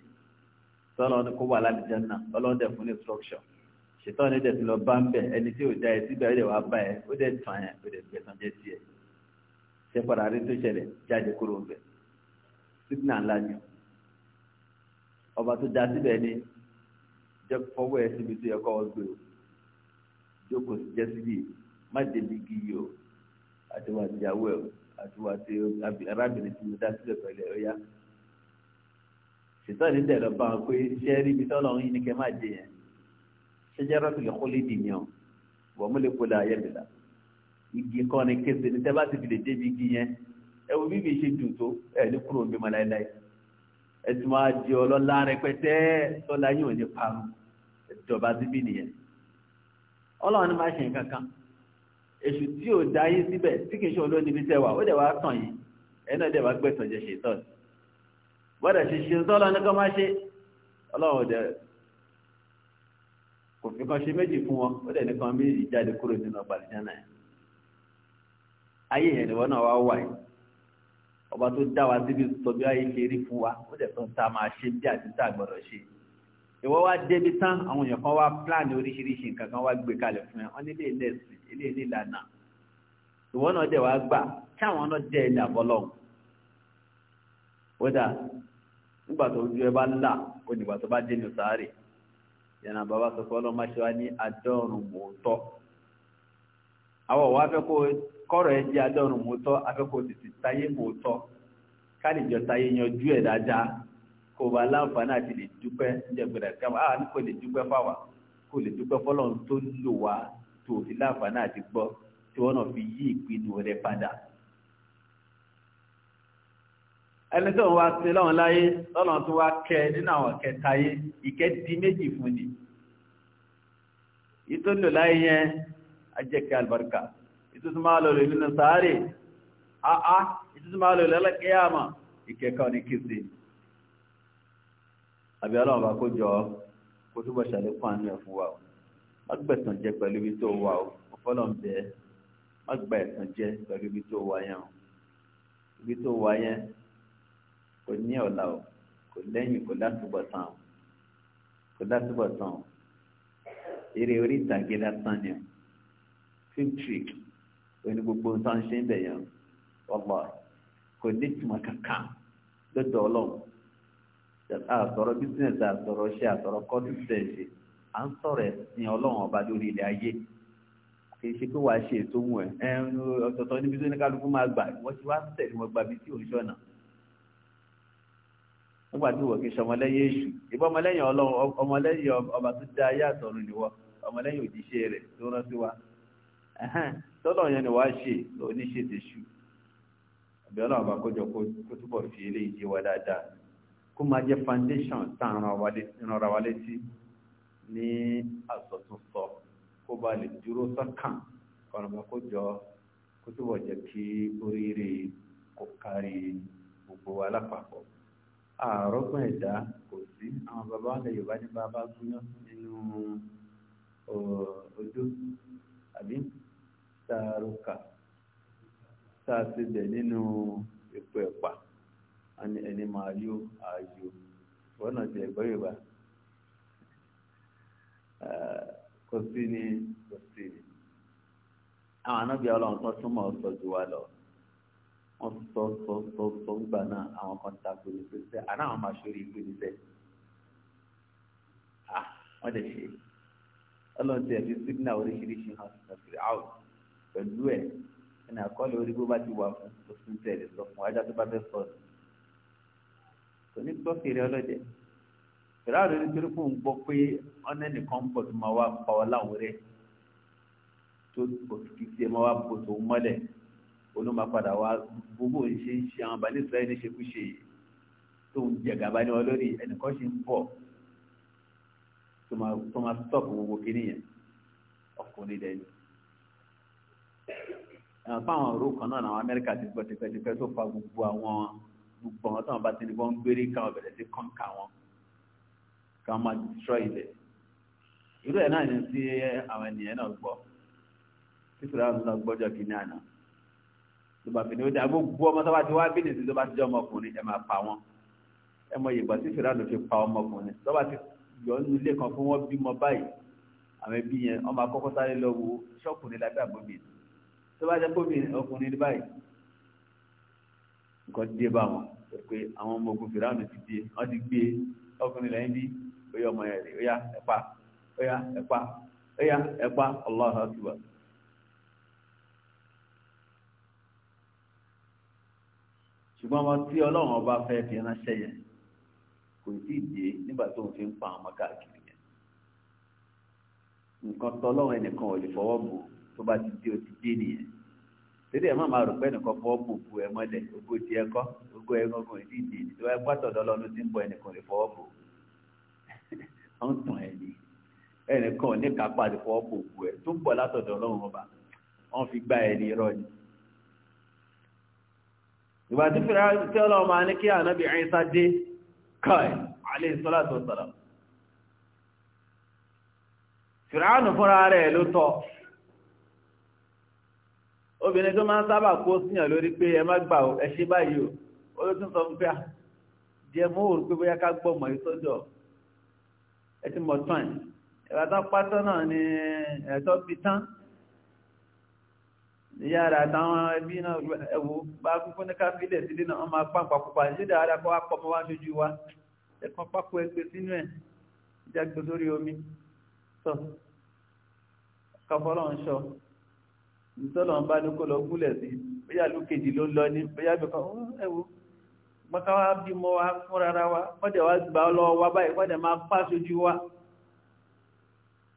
tọ́lọ́ ní kó wà lálejò náà ọlọ́run dẹ̀ fún ní instruction ṣètọ́ni dẹ̀ ti lọ bá ń bẹ̀ ẹni tí ò dá ẹ síbẹ̀ ó wa bá ẹ ó dẹ̀ tàn ẹ ó dẹ̀ gbẹ̀tàn jẹ́ tiẹ̀ ṣe padà rí tó ṣẹlẹ̀ jáde kúrò ń bẹ̀ sídìnnà ńlá ni ọba tó síbẹ̀ ni jẹ́ fọwọ́ ẹ síbi tó yẹ kọ́ ọ gbé o jókòó sí jẹ́ síbi má débi igi yìí o àtiwọ́ àtìyàwó ẹ o àtiwọ́ àti arábìnrin tí mo dá sílẹ̀ pẹ̀lú ẹ̀ ọ́yá ṣètọ́ ní tẹ̀lọ́ bá wọn pé ṣé rí ibi tọ́lọ̀ ń yín ni kẹ́ má dé yẹn ṣé jẹ́ rọ́tìlẹ̀ kólé dì yẹn o wọ́n mú lè kó la ayẹ́bìlá igi kan ní kése ní tẹ́ ti fi lè débi igi yẹn ẹ wo bíbí ṣe dùn tó ẹ ní kúrò ń bí mọ́ láéláé ẹtùmọ̀ àjẹ́ ọlọ́lá rẹpẹtẹ tọ́lá yìí ní parun jọba síbí nìyẹn ọlọ́run ní máa ṣe nǹkan kan èṣù tí ò dá yín síbẹ̀ tí kì í ṣe olóyún níbi tẹ́wà ó dẹ̀ wá tàn yín ẹ̀yin náà dẹ̀ wá gbẹ̀sán jẹ ṣètọ́n bọ́dà ṣe ṣe sọ́lọ́ ní kọ́ máa ṣe ọlọ́run dẹ̀ kò fi kan ṣe méjì fún wọn ó dẹ̀ ní kan méjì jáde kúrò nínú ọgbà àlùjáná yẹn ayé yẹn nìwọ náà wá wà yìí ọba tó dá wa síbi sọ bí ayé ṣe rí fún wa ó dẹ̀ tó ń ta máa ṣe bí àti tá àgbọ̀dọ̀ ṣe yìí ìwọ́ wá débi tán àwọn èèyàn kan wá pláàni oríṣiríṣi nǹkan kan wá gbé kalẹ̀ fún ẹ wọ́n nílé iwọ ilé nílànà ìwọ́ náà dẹ̀ wá gbà kí àwọn náà dẹ̀ ilẹ̀ àbọ́lọ́hùn wọ́dà nígbà tó ojú ẹ bá là ó nígbà tó bá dénú ní adọ́rùn mòótọ́ àwọn kọ́rọ̀ ẹ jẹ́ adọ́rùn mòótọ́ tètè táyé mòótọ́ ká kò wá láǹfààní àti lè dúpẹ́ níjẹ̀gbẹ̀rẹ̀ káwọn àá kò lè dúpẹ́ fáwa kò lè dúpẹ́ fọlọ́run tó lò wá tó fi láǹfààní àti gbọ́ tí wọ́n náà fi yí ìpinnu rẹ padà. ẹni tó ń wá sí lọ́wọ́n láyé lọ́nà tó wá kẹ nínú àwọn kẹta yé ìkẹ́ di méjì fún ni. àbí ọlọ́run bá kó jọ kó túbọ̀ ṣàlékún àánú ẹ̀ fún wa o má gbẹ̀sán jẹ pẹ̀lú ibi tó wà o ọ̀fọ́lọ́ ń bẹ má gba ẹ̀sán jẹ pẹ̀lú ibi tó wà yẹn o ibi tó wà yẹn kò ní ọ̀la o kò lẹ́yìn kò látúbọ̀ tán o kò látúbọ̀ tán o eré orí ìtàgé lásán ni o film trick oní gbogbo nǹkan ṣe ń bẹ̀ yẹn o ọ̀la kò ní ìtumọ̀ kankan lọ́dọ̀ ọlọ́run àtọ̀rọ̀ bísínẹ̀sì àtọ̀rọ̀ ṣe àtọ̀rọ̀ kọ́sísẹ̀ǹsì à ń sọ̀rọ̀ ẹ̀sìn ọlọ́run ọba lórí ilẹ̀ ayé kì í ṣe pé wàá ṣe ètò òun ẹ̀ ọ̀tọ̀ọ̀tọ̀ níbi tó ní kálukú máa gbà wọ́n ti wá tẹ̀lé wọn gba bíi tí ò ń ṣọ̀nà nígbà tí wọ́n kì í ṣe ọmọlẹ́yìn èṣù ìbọn ọmọlẹ́yìn ọlọ́run ọmọlẹ́yìn ọba tó dá ayé àtọ̀run ni wọ́n ọmọlẹ́yìn òjíṣẹ́ rẹ̀ tó rán sí wa tọ́lọ̀ yẹn ni wàá ṣe oníṣètèṣù àbí ọlọ́run bá kójọ kó túbọ̀ fi eléyìí kó máa jẹ́ foundation tá ìrànra wa létí ní àsọtúnsọ kó bá lè dúró sọ́kàn kọ̀nàmọ́ kó jọ kó túbọ̀ jẹ́ kí oríire kó kárí gbogbo wa lápapọ̀ àrọ́gbọ̀n ẹ̀dá kò sí àwọn bàbá wọn lè yorùbá ní bàbá gúnyán nínú ojú àbí sáà roka nínú epo ẹ̀pà ẹni máa yó ààyò wọ́nà ti ẹ̀gbọ́n yorùbá kò sí ni kò sí ni àwọn anábìá ọlọ́run tó súnmọ́ ọ̀sọ̀ jù wá lọ wọ́n sọ sọ sọ sọ ńgbà náà àwọn kan ta kò ní pé sẹ́ àná àwọn máa ṣorí ìpè ní sẹ́ ah wọ́n dẹ̀ ṣe ọlọ́run ti ẹ̀fí sígínà oríṣiríṣi hàn sí ọ̀sẹ̀ àwọn pẹ̀lú ẹ̀ ẹni àkọọ́lẹ̀ orí bó bá ti wà fún oṣù tẹ̀lé sọ fún wájà tó bá fẹ́ sọ̀rọ̀ kò ní gbọ́ fèrè ọlọ́dẹ fèrè àwọn onítorí fún un gbọ́ pé ọ̀nà nìkan pọ̀ tó máa wá pa ọ láwọn rẹ̀ tó kì í ṣe máa wá bò tó mọ́lẹ̀ olùmọ̀padà wa gbogbo ìṣe ń ṣe àwọn balẹ̀ Israẹli ṣekúṣe tó ń jẹ gàba ní wọn lórí ẹnìkan ṣe ń bọ̀ tó máa stọ́ọ̀pù gbogbo kínní yẹn ọkùnrin dẹ́ni fáwọn òru kan náà àwọn Amẹ́ríkà ti gbọ́ tipẹ́tipẹ́ tó fa gbogbo àwọn gbogbo àwọn táwọn bá ti ní wọ́n ń gbére káwọn bẹ̀rẹ̀ sí kọ́ńkà wọn káwọn máa destroy ilẹ̀ irú ẹ̀ náà ni sí àwọn ènìyàn náà gbọ́ títí láwọn náà gbọ́jọ́ kí ní àná tó bá fi ní ó dá gbogbo ọmọ tó bá ti wá bí nìsí tó bá ti jẹ́ ọmọkùnrin ẹ máa pa wọn ẹ mọ ìyẹ̀gbà tí fìrànù fi pa ọmọkùnrin tó bá ti yọ nínú ilé kan fún wọn bímọ báyìí àwọn ẹbí yẹn ọmọ akọ́kọ́ sáré nǹkan dé bá wọn pé àwọn ọmọ ogun fìràánù ti dé wọ́n ti gbé ọkùnrin lẹ́yìn bí ọmọ yẹn rè óyá ẹ̀pá óyá ẹ̀pá óyá ẹ̀pá Allahu Akbar. ṣùgbọ́n wọn ọba fẹ́ fi ránṣẹ́ yẹn kò tí ì nígbà tó ń fi ń pa ọmọ káàkiri yẹn nǹkan tọ́lọ́run ẹnìkan ò tẹ́lẹ̀ má máa rò pé ẹnìkan fọ́ bùkù ẹ mọ́lẹ̀ ogó ti ẹkọ́ ogó ẹgbọ́gbọ́n ìdí ìdí tó wáyé pátọ̀dọ́ lọ́nu tí ń bọ ẹnìkan lè fọwọ́ bò ó ń tàn ẹ̀ ní ẹnìkan ní kápá lè fọwọ́ bùkù ẹ tó ń bọ̀ látọ̀dọ̀ ọlọ́run ọba wọ́n fi gbá ẹ ní irọ́ ni. ìgbà tí fìrà tí ọlọ́run máa ní kí ànábì Ìsá dé káì alẹ́ ìsọ́lá obìnrin tó máa ń sábà kó síyàn lórí pé ẹ má gbà ó ẹ ṣe báyìí ó ló tún sọ fún pé ah, jẹ mọ́ òru pé bóyá ká gbọ́ mọ̀ ìsọ́jọ́ ẹ ti mọ̀ tán ẹ̀rọ tán pátán náà ni ẹ̀tọ́ fi tán ìyá rẹ̀ àtàwọn ẹbí náà ẹ̀wò bá kúkú ní káfílẹ̀ sílé náà wọ́n máa pàǹpà pupa ìṣẹ́dá ara kọ́ wá pọ̀ mọ́ wá ṣojú wa ẹ̀kan pákó ẹgbẹ́ sínú ẹ̀ jágbó lórí omi tọ́ kọfọ́lọ́ ń ṣọ́ ìtọ́lọ̀ ń bá ní kó lọ gúnlẹ̀ sí bóyá ló kejì ló lọ ní bóyá bí kan ẹwọ mọ́ká wá bí mọ́ wá fún rárá wá wọ́dẹ̀ wá gbà ọ lọ́wọ́ wá báyìí wọ́dẹ̀ máa pa sójú wá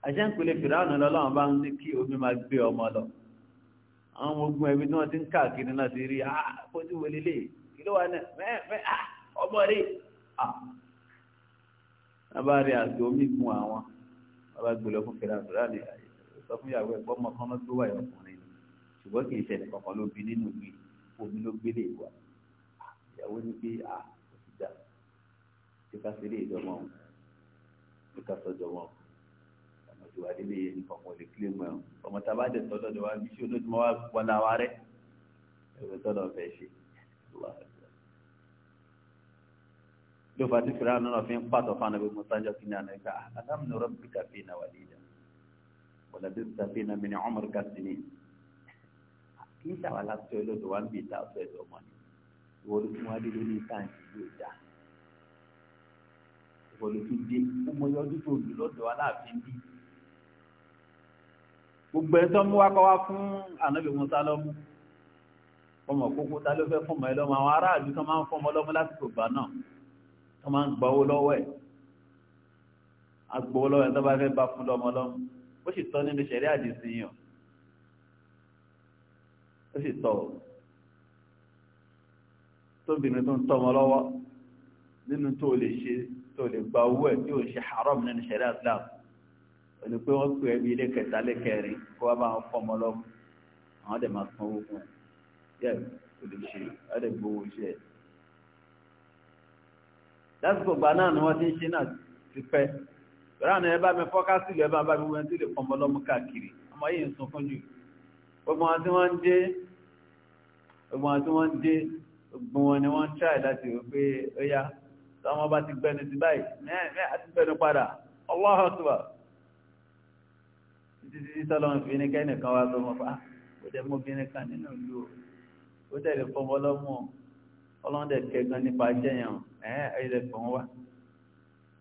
àṣẹ ń pèlè fìràánù lọ́lọ́run bá ń ní kí omi máa gbé ọmọ lọ àwọn ọmọ ogun ẹbí tí wọ́n ti ń káàkiri náà ti rí ah kó tí wọlé lè kí ló wà náà mẹ́ẹ̀fẹ́ ah ọmọ ah. rí ah abáre àti omi gun àwọn bàbá gbèlè fún ni sọ fún ìyàwó ẹ̀gbọ́n mọ́kànlá tó wà ṣùgbọ́n kì í ṣẹlẹ̀ kankan ló bí nínú mi omi ló gbélé wa ìyàwó ní pé à ó ti dà tí ká ṣe lé ìdọ́mọ́ ọ̀hún tí ká sọ́jọ́ wọn ọmọ tí wàá délé yẹn nìkan kò lè kílẹ̀ mọ́ ẹ̀hún ọmọ tá a bá dẹ̀ tọ́lọ́ ni wàá bí ṣé olóòtú máa wà náà wá rẹ̀ ẹ̀rọ tọ́lọ́ fẹ́ ṣe ló fà tí fìlà náà fi pàtó fún anabi musa kí ni àná ká alámùnú rẹ̀ bí kàfé náà wà nídà wọ́n lè bí kàfé náà mi ní ọmọ rẹ̀ kàfé náà kì í ṣàwọn aláṣẹ olódò wa ń bì ìta ọ̀fẹ́ ọmọ ni ìwọ ló tún wá dé lórí táǹkì yóò dá ìwọ ló tún dé ó mọ yọjú tó lù lọ́dọ̀ aláàfin bí gbogbo ẹ̀ tó mú wá kọ́ wá fún ànábì musa lọ́mú ọmọ kókó ta ló fẹ́ fọmọ ẹ lọ́mọ àwọn aráàlú tó máa ń fọmọ lọ́mọ lásìkò gbà náà tó máa ń gbọ́wọ́ lọ́wọ́ ẹ̀ agbowó lọ́wọ́ ẹ̀ tó bá fẹ́ bá fún lọ́mọ lọ́mọ ó sì tọ́ nínú ṣẹ̀rí àdìsí yàn sì tọ̀ ọ́ tóbìnrin tó ń tọ́ ọmọ lọ́wọ́ nínú tó lè ṣe tó lè gba owó ẹ̀ tí ò ṣe haram nínú ṣẹ̀ríà Islam pẹ̀lú pé wọ́n pè ẹbí ilé kẹta lẹ́kẹrin kó wá máa fọ́ ọmọ lọ́wọ́ àwọn dẹ̀ máa san owó fún ẹ yẹ kò lè ṣe ẹ̀ gbowó iṣẹ́ ẹ̀ lásìkò gbà náà ni wọ́n ti ń ṣe náà ti pẹ́ ìrànà ẹ bá mi fọ́ká sílẹ̀ ẹ bá mi wọ́n ti lè pọ̀ ọmọ káàkiri ọmọ yìí ń sunkún jù gbogbo wọn ń dé ọgbọ̀n tí wọ́n dé gbọ́n wọn ni wọ́n ń ṣáì láti rò pé ó yá táwọn bá ti gbẹnu ti báyìí mẹ́ẹ̀ẹ́ àti gbẹnu padà Allahu Akbar títí tọ́lọ́run fi ní kẹ́nìkan wá lọ́mọ bá ó jẹ́ mọ́bìnrin kan nínú ìlú ó tẹ̀lé fọmọ lọ́mọ ọlọ́run dẹ̀ kẹ́gan nípa jẹ́yàn ẹ̀ẹ́ ẹ̀yẹ́dẹ̀ fọ́n wá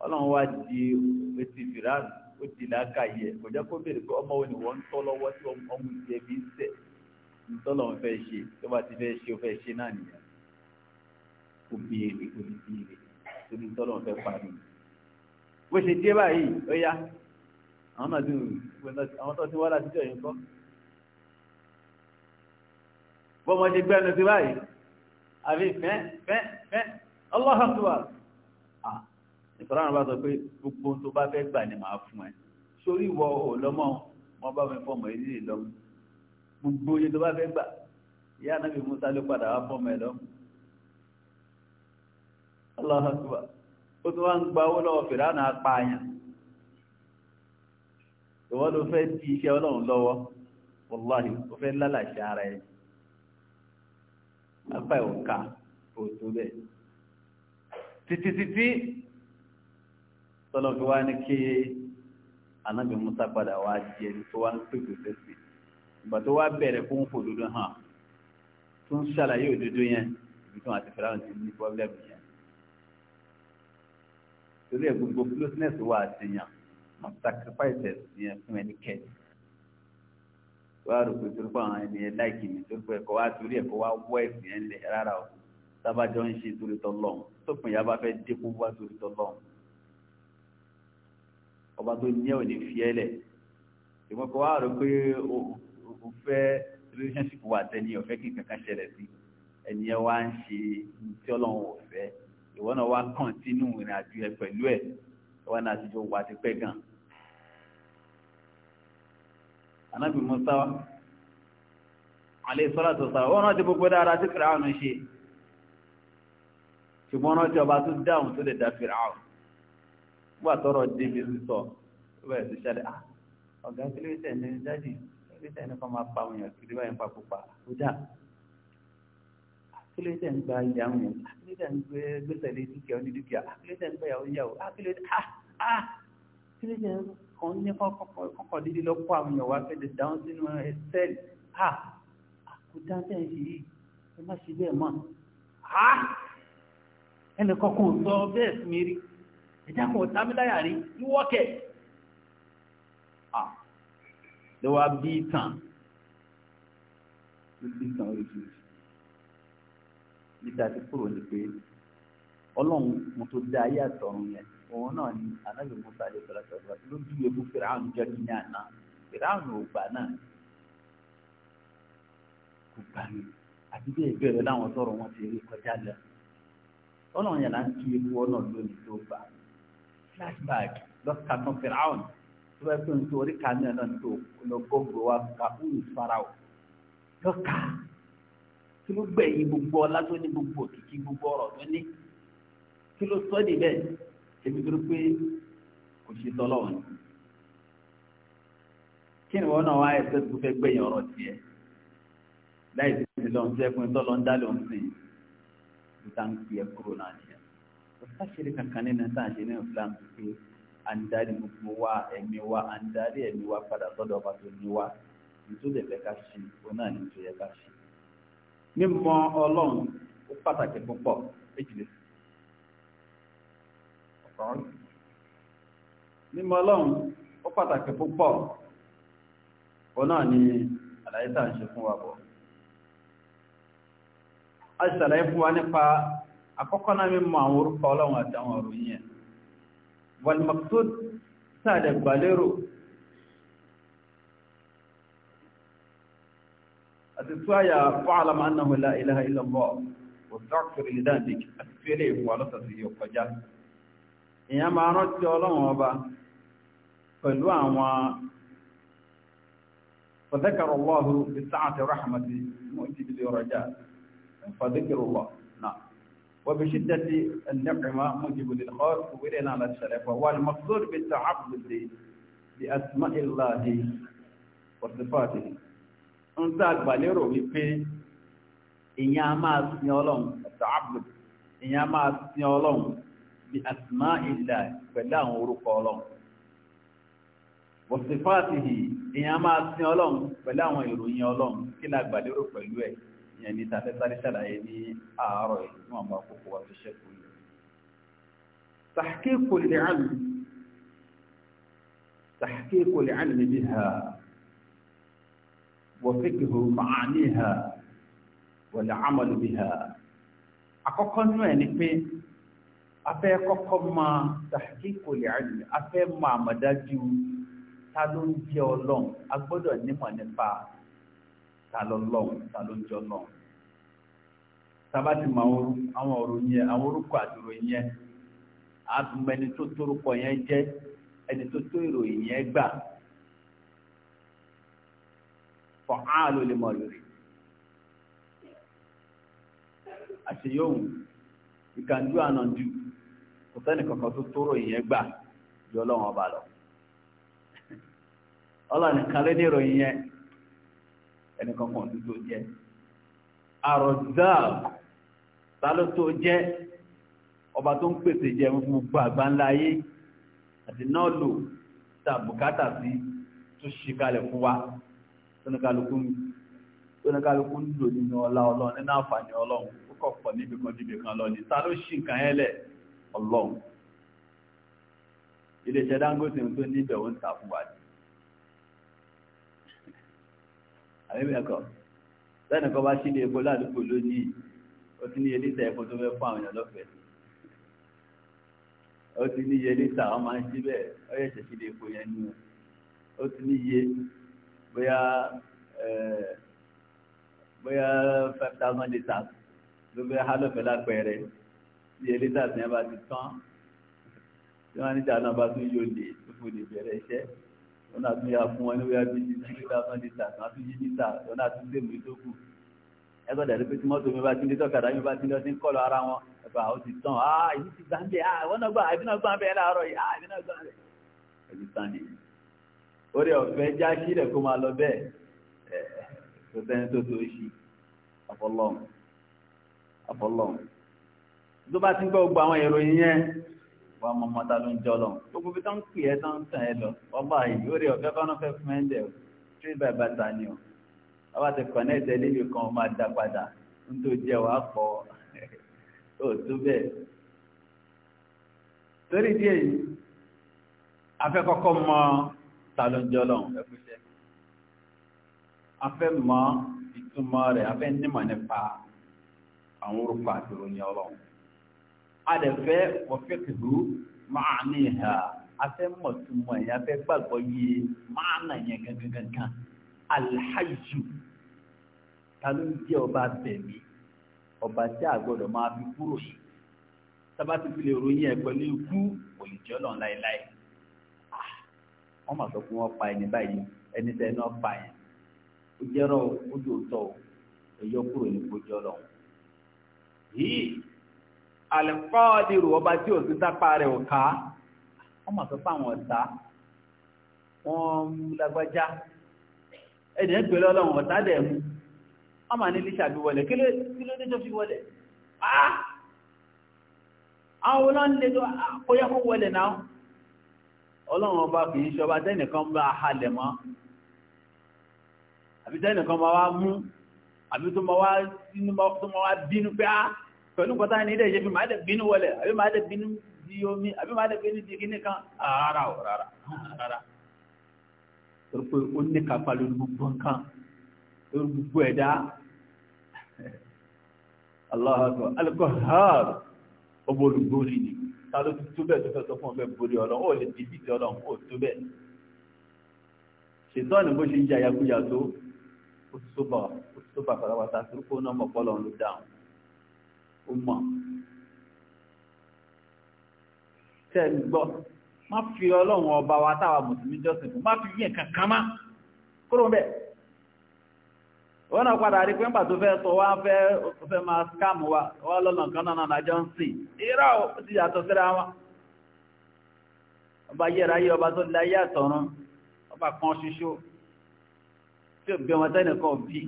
ọlọ́run wá di etí fìràn ó di làákàyè kò jẹ́ kó béèrè pé ọmọ wo ni wọ́n ń tọ́ lọ́wọ́ tí ọmọ ìjẹ̀bi ń sẹ̀ tọ́lọ̀ ń fẹ́ ṣe tó bá ti fẹ́ ṣe ó fẹ́ ṣe náà nìyẹn kò béèrè kò ní béèrè tó ní tọ́lọ̀ ń fẹ́ parí bó ṣe dé báyìí ó yá àwọn náà ti àwọn tó ti wá láti jọ yẹn kọ́ bọ́mọ ṣe gbẹ́nu sí báyìí àbí fẹ́ fẹ́ fẹ́ ọlọ́hàtúwàá ìfọ̀rọ̀ bá sọ pé gbogbo tó bá fẹ́ gbà ni màá fún ẹ sórí ìwọ ò lọ́mọ wọn bá mi fọmọ ilé ìlọmọ gbogbo oye tó bá fẹ́ gbà ìyá anábì musa ló padà wá fọ́ mẹ́ lọ́mù aláhàtúwà ó tún wá ń gba owó lọ́wọ́ fìránà apààyàn ìwọ́ ló fẹ́ di iṣẹ́ ọlọ́run lọ́wọ́ wọláhì ó fẹ́ lálàṣẹ ara ẹ̀ apá ẹ̀ òǹkà kò tó bẹ́ẹ̀ títítítí tọ́lọ́ fi wá ní kí anábì musa padà wá di ẹni tó wá ń pèpè fẹ́ sí i ìgbà tó wá bẹ̀rẹ̀ kó ń fò dodo hàn tó ń ṣàlàyé òdodo yẹn ibi tó àti fẹ́ràn ti ní pọ́blẹ́mù yẹn torí ẹ̀ gbogbo closeness wà àtìyàn mọ̀ sacrifices yẹn fún ẹnikẹ́ni wá rò pé torí pé àwọn ènìyàn láìkì mi torí pé ẹ̀kọ́ wá torí ẹ̀kọ́ wá wọ́ ẹ̀sìn yẹn lẹ̀ rárá o tábàjọ́ ń ṣe torí tọ́lọ́hún tó pè yá bá fẹ́ dínkù wá torí tọ́lọ́hún ọba tó ní ẹ̀ ò ní fi ẹ́ lẹ̀ ìwọ́n wá rò pé o fẹ́ relationship wa tẹ́ni ọ̀fẹ́ kí kankan ṣẹlẹ̀ sí ẹni ẹ wá ń ṣe tí ọlọ́run ò fẹ́ ìwọ náà wá kọ́ntínú ìrìn àjò ẹ pẹ̀lú ẹ̀ wọn náà ti jọ wà ti pẹ́ gan. anábì Musa alẹ́ sọ́lá tó sọ ọ́n rántí gbogbo dára tí Fìràwọn ṣe ṣùgbọ́n rántí ọba tó dáhùn tó lè dá Fìràwọn nígbà tọrọ débi sísọ ó bẹ̀rẹ̀ sí ṣáde ah, ọ̀gá kílódé ní dájú kírísítẹ̀ ní kan máa pa àwọn èèyàn kiri báyìí papò pa àkójá akílétẹ̀ ń gba ilé àwọn èèyàn akílétẹ̀ ń gbé gbèsè lé dúkìá oní dúkìá akílétẹ̀ ah, ń gbéyàwó yàwó akílétẹ̀ ah, ah ah kílétẹ̀ kan ní kọ́kọ́ dídí lọ́pọ̀ àwọn èèyàn wá fẹ́ẹ́ dáhùn sínú ẹsẹ̀lì ah àkójá tẹ̀ ń ṣe yìí ẹ má ṣe bẹ́ẹ̀ mọ́ ah ẹnì kọ̀ọ̀kan sọ bẹ́ẹ̀ sí mi rí ẹ̀dá kan ah. ló were bí ìtàn ló kúrò ní pé ọlọ́run mo tó dá ayé àtọ̀run yẹn òun náà ni anábì musa lè sọ̀rọ̀ sọ̀rọ̀ ló júwe fún fìràhùn jọ́jú ní àná fìràhùn ò gbà náà kò gbà ní àti bí ìbéèrè láwọn wọn ti rí kọjá ọlọ́run yẹn là ń kí ewu ọ náà lónìí tó gbà flashback tó bá tó nítorí ká náà náà tó lọ gbogbo wa ká ó lè fara o lọ́ka kí ló gbẹ̀yìn gbogbo ọlá tó ní gbogbo òkìkí gbogbo ọ̀rọ̀ tó ní kí ló sọ ní bẹ́ẹ̀ èmi tó pé kò ṣe tọ́lọ̀ wọn. kí ni wọn náà wá ẹsẹ̀ tó fẹ́ gbẹ̀yìn ọ̀rọ̀ tiẹ̀ láì sí ti lọ́n tí ẹkùn tọ́lọ́ ń dá lọ́n sí i ló dá ń pè é kúrò náà nìyẹn. òṣìṣẹ́ kankan nínú táà ṣe ní ìfúlàmù pé à ń gbogbo wa ẹ̀mí wa à ń darí ẹ̀mí wa padà sọ́dọ̀ ọba tó ní wa nítorí ẹ̀fẹ́ ká ṣe òun náà ní ìtòyẹ ká ṣe. mímọ̀ ọlọ́run ó pàtàkì púpọ̀ méjìlél mímọ̀ ọlọ́run ó pàtàkì púpọ̀ òun náà ní àlàyé tá à ń ṣe fún wa bọ̀ a ṣàlàyé fún wa nípa àkọ́kọ́ náà mímọ̀ àwọn orúkọ ọlọ́run àti àwọn ọ̀rọ̀ yìí yẹn والمقصود سادة باليرو أتسوايا فعلم أنه لا إله إلا الله واستغفر لذنبك أتفيري فوالسة يوكجا إيا ما رأيت الله أبا فلوان فذكر الله بسعة رحمة مؤتي بالرجاء فذكر الله وبشدة النقمة موجب للخوف ولنا على الشرف والمقصود بالتعبد بأسماء الله وصفاته أنت أكبر wípé ìyẹn a máa sin ọlọ́run التعبد ìyẹn a máa sin ọlọ́run بأسماء الله pẹ̀lú àwọn orúkọ ọlọ́run وصفاته ìyẹn a máa sin ọlọ́run pẹ̀lú àwọn ìròyìn ọlọ́run kí la gbàlérò pẹ̀lú ẹ̀ yẹn ní tàbí sáré ṣàlàyé ní àárọ̀ yìí tí wọ́n bá tó ṣẹ́kù yìí. تحقيق العلم تحقيق العلم بها وفقه معانيها والعمل بها àkọ́kọ́ nú ẹ̀ ni pé afẹ́ kọ́kọ́ máa tàkíkò lè àlè afẹ́ máa mọ̀dájú ta ló ń jẹ́ ọlọ́run a nímọ̀ nípa ta ló lọ́wọ́ ta náà sábàtì mọ àwọn ọ̀rọ̀ yẹn àwọn orúkọ àdúró yẹn ẹni tó tórúkọ yẹn jẹ́ ẹni tó tó ìròyìn yẹn gbà fọ̀hán ló lè mọ̀ lórí àṣeyọ̀hún you can kò sẹ́ni tó tóró gbà ọba lọ ẹnìkan kan tó tó jẹ́ àròzáàk ta ló tó jẹ́ ọba tó ń pèsè jẹun fún gbogbo àgbáńlá ayé àti náà lò ta bùkátà sí tó ṣe kalẹ̀ fún wa tónúkálukú tónúkálukú ń lò nínú ọlá ọlọ́run nínú àǹfààní ọlọ́run ó kọ̀ pọ̀ níbi kan níbi kan lọ ní ta ṣì nǹkan yẹn lẹ̀ ọlọ́run iléeṣẹ́ Dangote tó níbẹ̀ ó ń ta fún wa ní àbẹ́bẹ́ ẹ̀kọ́ lẹ́nu kan bá ṣí ní epo ládùúgbò lónìí ó ti ní elita epo tó fẹ́ fún àwọn èèyàn lọ́fẹ̀ẹ́ ó ti ní iye elita wọ́n máa ń ṣí bẹ́ẹ̀ ó yẹ ṣẹ̀ṣí ní epo yẹn nù ó ti ní iye bóyá bóyá five thousand litres ló fẹ́ há lọ́fẹ̀ẹ́ lápẹẹrẹ iye elita tí wọ́n bá ti tán tí wọ́n á níjà náà bá tún yóò lè tó fún ìbẹ̀rẹ̀ iṣẹ́ wọn àti ya fún wọn ní wíwá bíi three thousand litres wọn àti yíyí ta wọn àti sèmù tó kù ẹgbẹ́ dàdé pé tí mọ́tò mi bá ti ń dé tọ́kadà mi bá ti ń lọ sí ń ara wọn ẹ̀fà ó ti tán ah èyí ti gbà ń bẹ̀ ah ìwọ́n náà gbà àbí náà gbà ń bẹ̀ yìí ah ìbí náà gbà ń bẹ̀ ẹ̀bí tán ni orí ọ̀fẹ́ já sílẹ̀ kó máa lọ bẹ́ẹ̀ ẹ̀ tó sẹ́ni tó tó ṣí àfọlọ́hùn àfọlọ́hùn tó bá ti ń gbọ́ àwọn ìròyìn yẹn wọ́n mọ́ mọ́ta ló ń jọ lọ gbogbo bí tán ń pè ẹ́ tán ń tàn ẹ́ lọ ọba yìí ó rí ọ̀fẹ́ kọ́nà fẹ́ fún ẹ́ńdẹ̀ o tí bàbá bàtà ni o ọba ti connect ẹ níbi kan máa dá padà nítorí jẹ́ wàá pọ̀ ó tó bẹ́ẹ̀. torí díẹ̀ yìí afẹ́ kọ́kọ́ mọ ta ló ń jọ lọ ẹ̀kúṣẹ́ afẹ́ mọ ìtumọ̀ rẹ̀ afẹ́ nímọ̀ nípa àwọn orúkọ àti ìròyìn ọlọ́run adẹ̀fẹ́ wọ̀fẹ́kìlú máa ní ìhà afẹ́ mọ̀túnmọ̀ ẹ̀yà fẹ́ gbàgbọ́ yé máa nà yẹn gangan alhaju ta ló ń jẹ́ ọba bẹ̀mí ọba tí a gbọ́dọ̀ máa fi kúrò yìí sábàtì fi lè ròyìn ẹ̀ pẹ̀lú ikú òyìnjẹ́ ọlọ́run láéláé ah, wọ́n máa sọ pé wọ́n pa ẹni báyìí ẹni tẹ́ náà pa yẹn ó jẹ́rọ̀ ó dòótọ́ ẹ̀yọ́ kúrò ní kojú ọlọ́run yìí alẹ́kọ́ọ̀dìrò ọba tí ò sí sápá rẹ̀ ọ̀ká wọ́n mọ̀ tó fáwọn ọ̀tá wọ́n lágbájá ẹni ẹgbẹ̀ lọ́lọ́wọ̀n ọ̀tá dẹ̀ mú wọ́n mà ní líṣà bí wọlé kí ló dé tó fi wọlé àwọn olóńlẹ̀ tó kó yẹ kó wọlé náà ọlọ́run ọba kì í ṣọba tẹ́nìkan bá halẹ̀ mọ́ àbí tẹ́nìkan bá wá mú àbí tó máa wá bínú pé á pẹ̀lú nǹkan táà ní ilé ìṣẹ́ fi máa dẹ̀ bínú wọlẹ̀ àbí máa dẹ̀ bínú di omi àbí máa dẹ̀ bínú di kíní kan ààrà ò rárá rárá torí pé ó ní kápá lórí gbogbo nǹkan lórí gbogbo ẹ̀dá Allahu Akbar alkohol ọmọ olùgbòrì ni ta ló ti tó bẹ́ẹ̀ tó fẹ́ sọ fún ọ̀fẹ́ borí ọlọ́run ó lè di bíbí ọlọ́run ó tó bẹ́ẹ̀ ṣètọ́ ni bó ṣe ń jẹ ayakuya tó ó ti tó bá ó ti tó bá pátápátá torí pé ó náà ó mọ̀ tẹ́ ń gbọ́ má fi ọlọ́run ọba wa táwa mùsùlùmí jọ́sìn fún má fi yí nǹkan kan má kúrò ń bẹ̀ wọ́n náà padà rí pé ń bà tó fẹ́ sọ wá fẹ́ fẹ́ máa scam wa wá lọ́nà kan náà náà jọ ń sìn irọ́ ó ti yàtọ̀ síra wọn ọba yẹra yẹ ọba tó láyé àtọ̀run ọba kan ṣoṣo tí ò wọn tẹ́nìkan bí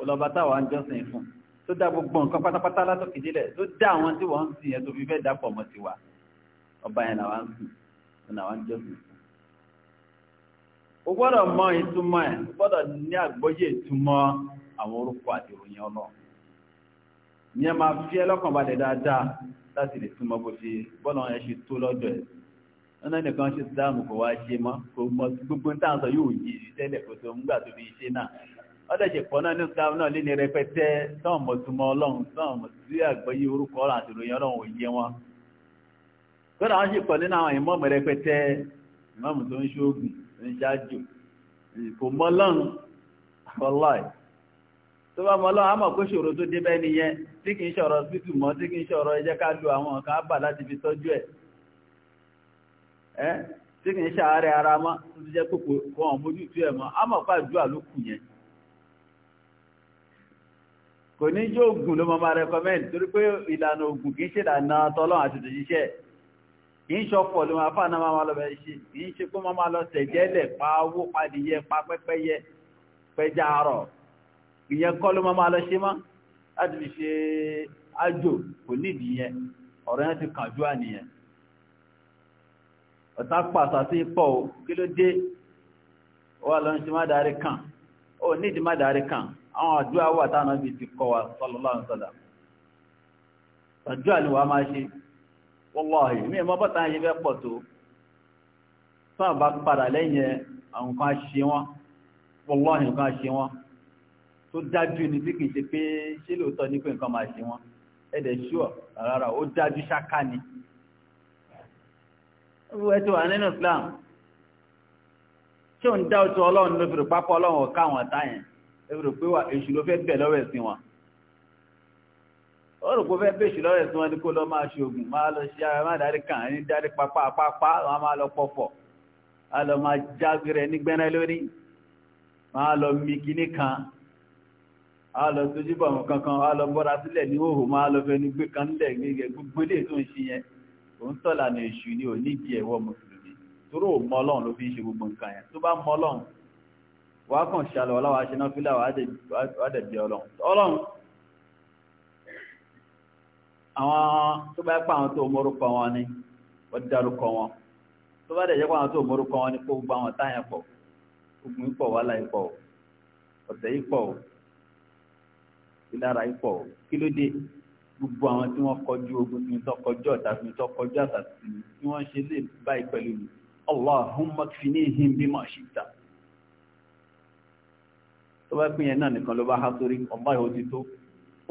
ọlọ́ba táwa ń jọ́sìn fún un tó dá gbogbo nǹkan pátápátá látòkè délẹ̀ tó dá àwọn tí wọ́n ń sìn yẹn tó fi fẹ́ dápọ̀ mọ́ tiwa ọba yẹn làwọn ń sìn òun làwọn ń jọ́sìn o gbọ́dọ̀ mọ ìtumọ̀ ẹ̀ o gbọ́dọ̀ ní àgbọ́yé ìtumọ̀ àwọn orúkọ àti ìròyìn ọlọ́run ní ẹ máa fi ẹlọ́kàn balẹ̀ dáadáa láti lè túmọ̀ bó ṣe bọ́lá ẹ ṣe tó lọ́dọ̀ ẹ̀ nínú ẹnìkan ṣe dáàmù kò wá ṣe mọ́ gbogbo ní táwọn sọ yóò yí tẹ́lẹ̀ kó tó ń gbà tó ṣe náà ọdẹ̀jẹ̀pọ̀ náà ní ìsìlámù náà lé ní rẹpẹtẹ tán mọ̀túnmọ̀ ọlọ́run tán mọ̀tí àgbọ́yé orúkọ ọ̀rọ̀ ọlọ́run òye wọn kódà wọ́n sì pọ̀ nínú àwọn ìmọ̀ọ̀mù rẹpẹtẹ ìmọ̀ọ̀mù tó ń ṣoògùn ń ṣáájú kò mọ ọlọ́run tó bá mọ ọlọ́run á mọ̀ kó ṣòro tó dé bẹ́ẹ̀ nìyẹn tí kì í ṣọ̀rọ̀ tí kì í kò ní jó ògùn ló mọ́ máa rẹkọmẹ́ndì torí pé ìlànà ògùn kìí ṣe ìlànà tọ́lọ́n àti òjíṣẹ́ kìí ṣọpọ̀ ló máa náà máa lọ bẹ̀rẹ̀ ṣe kìí ṣe kó máa lọ tẹ̀jẹ́lẹ̀ pa owó padìyẹ pa pẹ́pẹ́yẹ pẹja àrọ̀ ìyẹn kọ́ ló máa lọ ṣe mọ́ láti fi ṣe àjò kò nídìí yẹn ọ̀rọ̀ yẹn ti kàn jù àníyẹn ọ̀tá o kí ló dé wà lọ́n ṣe má darí kàn ó nídìí àwọn àdúrà wà táwọn bí ti kọ́ wa sallallahu alaihi wasallam àdúrà ni wàá máa ṣe wallahi mí ẹ̀ mọ́ bọ́ta ń ṣe fẹ́ pọ̀ tó tó àbá padà lẹ́yìn àwọn kan ṣe wọ́n wallahi nǹkan ṣe wọ́n tó dájú ni tí kì í ṣe pé ṣé lóòótọ́ ní pé nǹkan máa ṣe wọ́n ẹ̀dẹ̀ ṣúọ̀ rárá ó dájú ṣáká ni ẹ ti wà nínú Islam ṣé òun dá òtún ọlọ́run ló fi rò pápá ọlọ́run ọ̀ká àwọn àtá ẹ̀rọ pé wà èṣù ló fẹ́ bẹ̀ lọ́wọ́ ẹ̀sìn wọn ọ̀rọ̀ kó fẹ́ bèṣù lọ́rẹ̀ tí wọ́n ní kó lọ máa ṣe ogun máa lọ ṣe ara máa dárí kàn ní dárí papá papá wọ́n máa lọ pọ̀pọ̀ a lọ máa jágirẹ ní gbẹ́rẹ́ lórí máa lọ mi kíní kan a lọ tójú bọ̀ kankan a lọ bọ́ra sílẹ̀ ní òhò máa lọ fẹ́ ní gbé kan lẹ̀ gbígbẹ́ gbogbo ilé tó ń ṣe yẹn òun tọ́lá ní èṣù ni ò wà á kàn ṣàlọ̀ ọlá wàá ṣe náà fílà wàá dẹ̀ bí ọlọ́run ọlọ́run àwọn tó bá pa àwọn tó mórúkọ wọn ni wọ́n dárúkọ wọn tó bá dẹ̀ jẹ́ pé àwọn tó mórúkọ wọn ni kó gbogbo àwọn táyà pọ̀ ogun ipò wàhálà ipò ọ̀tẹ̀ ipò ìlara ipò kí ló dé gbogbo àwọn tí wọ́n kọjú ogun tí wọ́n kọjú ọ̀tá tí wọ́n kọjú àtàtì tí wọ́n ṣe lè báyìí pẹ̀lú mi Allahumma kfinihim bima shita tó bá pín yẹn náà nìkan ló bá há sórí ọmọ ìhò ti tó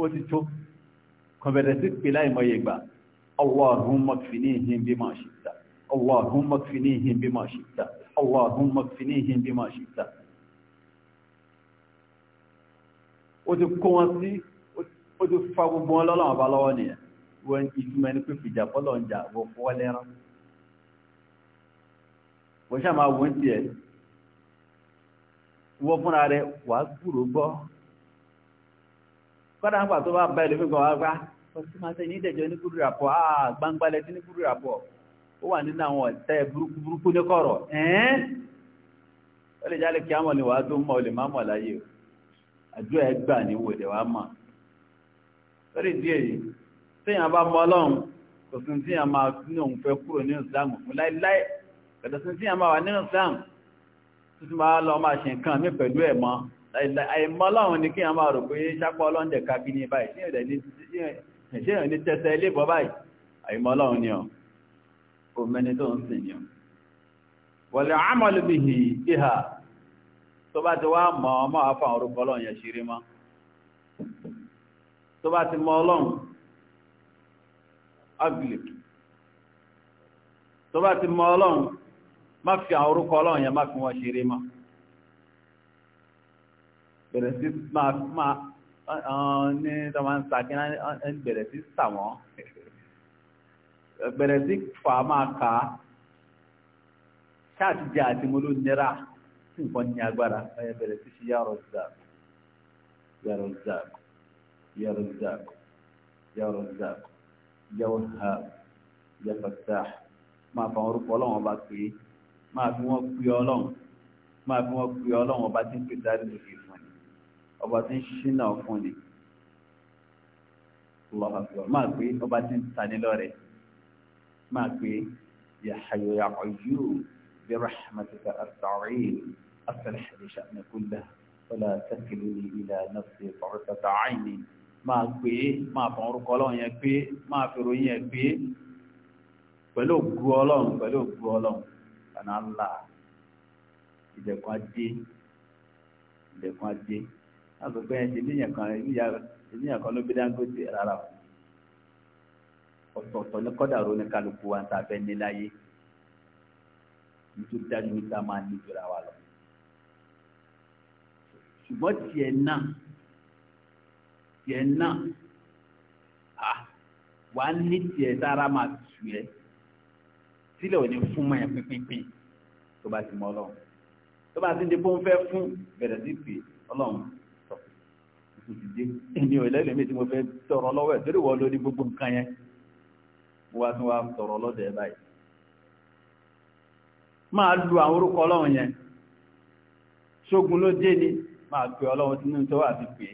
ó ti tó kọ̀bẹ̀rẹ̀ sí pé láì mọ̀ yẹgbà Allahumma kfinihim bima shi'ta Allahumma kfinihim bima shi'ta Allahumma kfinihim bima shi'ta ó ti kó wọn sí ó ti wọ́n fúnra rẹ̀ wà á gbúrò gbọ́ kọ́dà ń pà tó bá bá ẹlòmíì wá gbá ọtí máa tẹ ní ìdẹ̀jọ́ ní gúrú ràpọ̀ àà ní gúrú ràpọ̀ ó wà nínú àwọn ọ̀tẹ́ burúkú burúkú ní kọ̀rọ̀ ó lè àdúrà mọ̀ lórí ìdí èyí téèyàn bá mọ ọlọ́run kò ní òun títí máa lọ máa ṣe nǹkan mí pẹ̀lú ẹ̀mọ́ àìmọ́ láwọn ní kí a máa rò pé sápọ̀ ọlọ́ndẹ̀ kábí ní báyìí ṣe ìrìn ní tẹ́tẹ́ ilé bọ́ báyìí àìmọ́ láwọn ni ọ kò mẹ́ni tó ń sìn ni ọ wọ̀lẹ̀ àmọ́lù bí i ìhà tó bá ti wá mọ̀ ọmọ àfà orúkọ ọlọ́run yẹn ṣeré mọ́ tó bá ti mọ ọlọ́run ọ́gbìlì tó bá ti mọ ọlọ́run má fi àwọn orúkọ ọlọ́run yẹn má fi wọ́n ṣeré mọ́ bẹ̀rẹ̀ sí máa ní tọ́wọ́n ń sàkínà bẹ̀rẹ̀ sí sà wọ́n bẹ̀rẹ̀ sí fà máa kà á ṣáàtì jẹ́ àti mo ló nira sí nǹkan ní agbára ẹ̀yẹ bẹ̀rẹ̀ sí ṣe yàrá zak yàrá zak yàrá zak yàrá zak yàrá zak yàrá zak máa fa orúkọ ọlọ́run ọba pé máa fi wọ́n pè ọlọ́run máa fi wọ́n pè ọlọ́run ọba tí ń pè dárí lókè fún ni ọba tí ń ṣínà fún ni lọ́hàfíọ́ máa pè ọba tí ń tani lọ́rẹ̀ máa pè ya hayyu ya qayyum bi rahmatika astaghfir aslih li sha'ni kullahu wa la takilni ila máa pè máa fọ orúkọ ọlọ́run yẹn pé máa fi ròyìn yẹn pé pẹ̀lú ògùn ọlọ́run pẹ̀lú ògùn ọlọ́run àná ńlá ìdẹ̀kùn ajé ìdẹ̀kùn ajé láti pé kan kan ló bí Dangote rárá o ọ̀tọ̀ọ̀tọ̀ ní kọ́dàrú ní kálukú wa tá a fẹ́ ní láyé nítorí dájú níta máa ní ìjọra wa lọ ṣùgbọ́n tiẹ̀ náà tiẹ̀ náà wàá ní tiẹ̀ sára máa tù ẹ́. tílẹ̀ ò ní fún mọ́ ẹ̀ pínpín tó bá ti mọ ọlọ́run tó bá ti ń di pé ó ń fẹ́ fún bẹ̀rẹ̀ sí pé ọlọ́run sọ tuntun ti dé ẹni ò lẹ́lẹ̀ mi tí mo fẹ́ tọrọ lọ́wọ́ ẹ̀ torí wọ́n ló ní gbogbo nǹkan yẹn mo wá tún wá tọrọ lọ́dọ̀ ẹ̀ báyìí máa lu àwọn orúkọ ọlọ́run yẹn ṣógun ló dé ni máa pe ọlọ́run sínú tó wà fi pè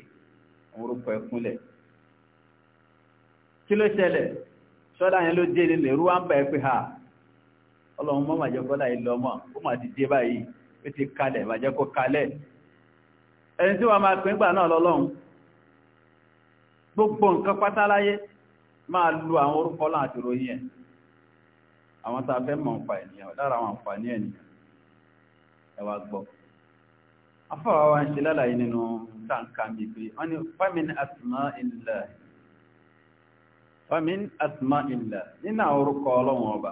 àwọn orúkọ ẹ̀kúnlẹ̀ kí ló ṣẹlẹ̀ ṣọ́dá yẹn ló dé ni lè rú wá ẹ pé ha ọlọ́run mọ́ màjẹ́ kọ́lá ilẹ̀ ọmọ ó mà ti dé báyìí ó ti kalẹ̀ màjẹ́ kó kalẹ̀ ẹni tí wọ́n máa pín gbà náà lọ́lọ́run gbogbo nǹkan pátá láyé máa lu àwọn orúkọ náà àti ròyìn ẹ̀ àwọn tá a fẹ́ mọ̀ nǹpa ènìyàn lára àwọn àǹfààní ènìyàn ẹ wá gbọ́ afọ́wà wa ń ṣe lálàyé nínú táǹkà mi pé wọ́n ní famin asma illah famin asma illah nínú àwọn orúkọ ọlọ́run ọba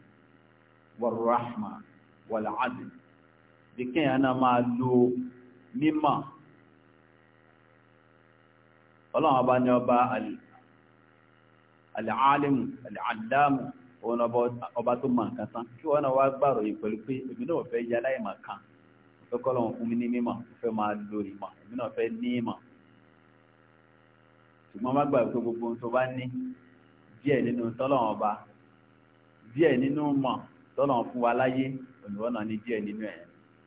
wàrúràhmà wàlàádì bí kéèyàn náà máa lo mímọ̀ ọlọ́run ọba ní ọba àlìálẹ́mù àlìádámù òun ọba tó mọ̀ nǹkan tán kí wọ́n náà wá gbàrò yìí pẹ̀lú pé èmi náà fẹ́ yá láì máa kàn fẹ́ kọ́ lọ́wọ́ fún mi ní mímọ̀ fẹ́ máa lo ìmọ̀ èmi náà fẹ́ ní ìmọ̀ ṣùgbọ́n má gbàgbé gbogbo ohun tó bá ní díẹ̀ nínú tọ́lọ́wọ́n ọba díẹ̀ nínú mọ̀ tọ́nà fún wa láyé olùwọ́nà ní díẹ̀ nínú ẹ̀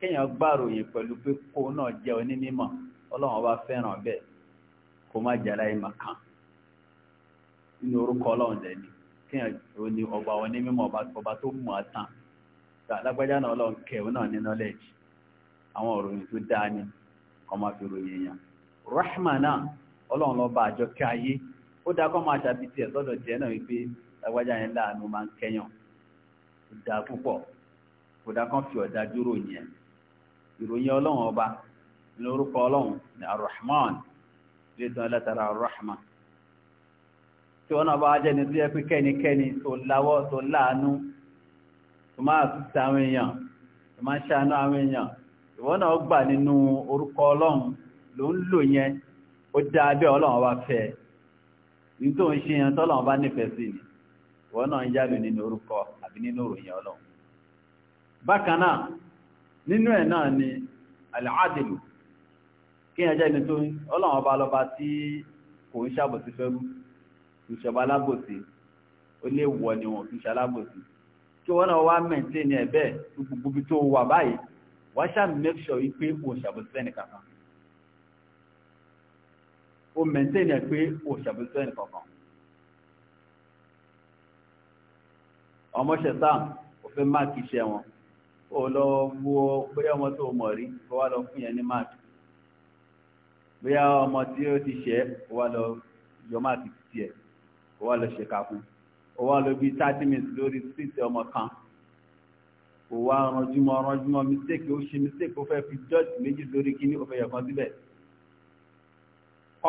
kéèyàn pẹ̀lú pé kó náà jẹ́ onímọ̀ ọlọ́run ọba fẹ́ràn bẹ́ẹ̀ kó má jẹ́ aláìmọ̀ kan nínú orúkọ ọlọ́run dẹ̀ ni ní ọba onímọ̀ ọba tó mọ̀ ọ́ tán lágbájá náà ọlọ́run kẹ̀wé náà ní àwọn òròyìn tó dáa ni fi ròyìn ọlọ́run lọ́ba àjọkẹ́ ayé ó kọ́ máa tiẹ̀ sọ́dọ̀ náà wípé lágbájá yẹn láàánú máa ń kẹ́yàn da dáa púpọ̀ kò dáa kan fi ọ̀dà dúró yẹn ìròyìn ọlọ́run ọba ní orúkọ ọlọ́run ní arahman ilé tán látara arahman tí wọ́n náà bá jẹ́ ní tó yẹ pé kẹ́nikẹ́ni tó láwọ́ tó láàánú tó máa tútù àwọn èèyàn tó máa ṣàánú àwọn èèyàn ìwọ́n náà gbà nínú orúkọ ọlọ́run ló ń lò yẹn ó dáa bí ọlọ́run ọba fẹ́ ní tó ń ṣe yẹn tọ́lọ́run ọba nífẹ̀ẹ́ sí ni wọn náà ń jáde nínú orúkọ àbí nínú òròyìn ọlọ́run bákan náà nínú ẹ̀ náà ni al-adilu kí ẹ jẹ́ ẹni tó ń ọlọ́run ọba lọ́ba tí kò ń ṣàbòsí fẹ́rú ìṣọba alábòsí ó lè wọ ni wọn fi ṣalábòsí kí wọn náà wá maintain ẹ bẹ́ẹ̀ gbogbo ibi tó wà báyìí wọ́n ṣáà make sure yìí pé kò ṣàbòsí fẹ́ni kankan ó maintain ẹ pé kò ṣàbòsí fẹ́ni kankan ọmọṣẹ̀ tán ò fẹ́ máàkì iṣẹ́ wọn ó lọ wo bóyá ọmọ tó mọ̀ rí kó wá lọ fún yẹn ní máàkì bóyá ọmọ tí ó ti ṣẹ́ kó wá lọ yọ máàkì tiẹ̀ kó wá lọ ṣèkà fún ó wá lọ bí thirty minutes lórí street ọmọ kan kò wá ránjúmọ́ ránjúmọ́ mistake ó ṣe mistake ó fẹ́ fi judge méjì lórí kíní ó fẹ́ yẹ̀kan síbẹ̀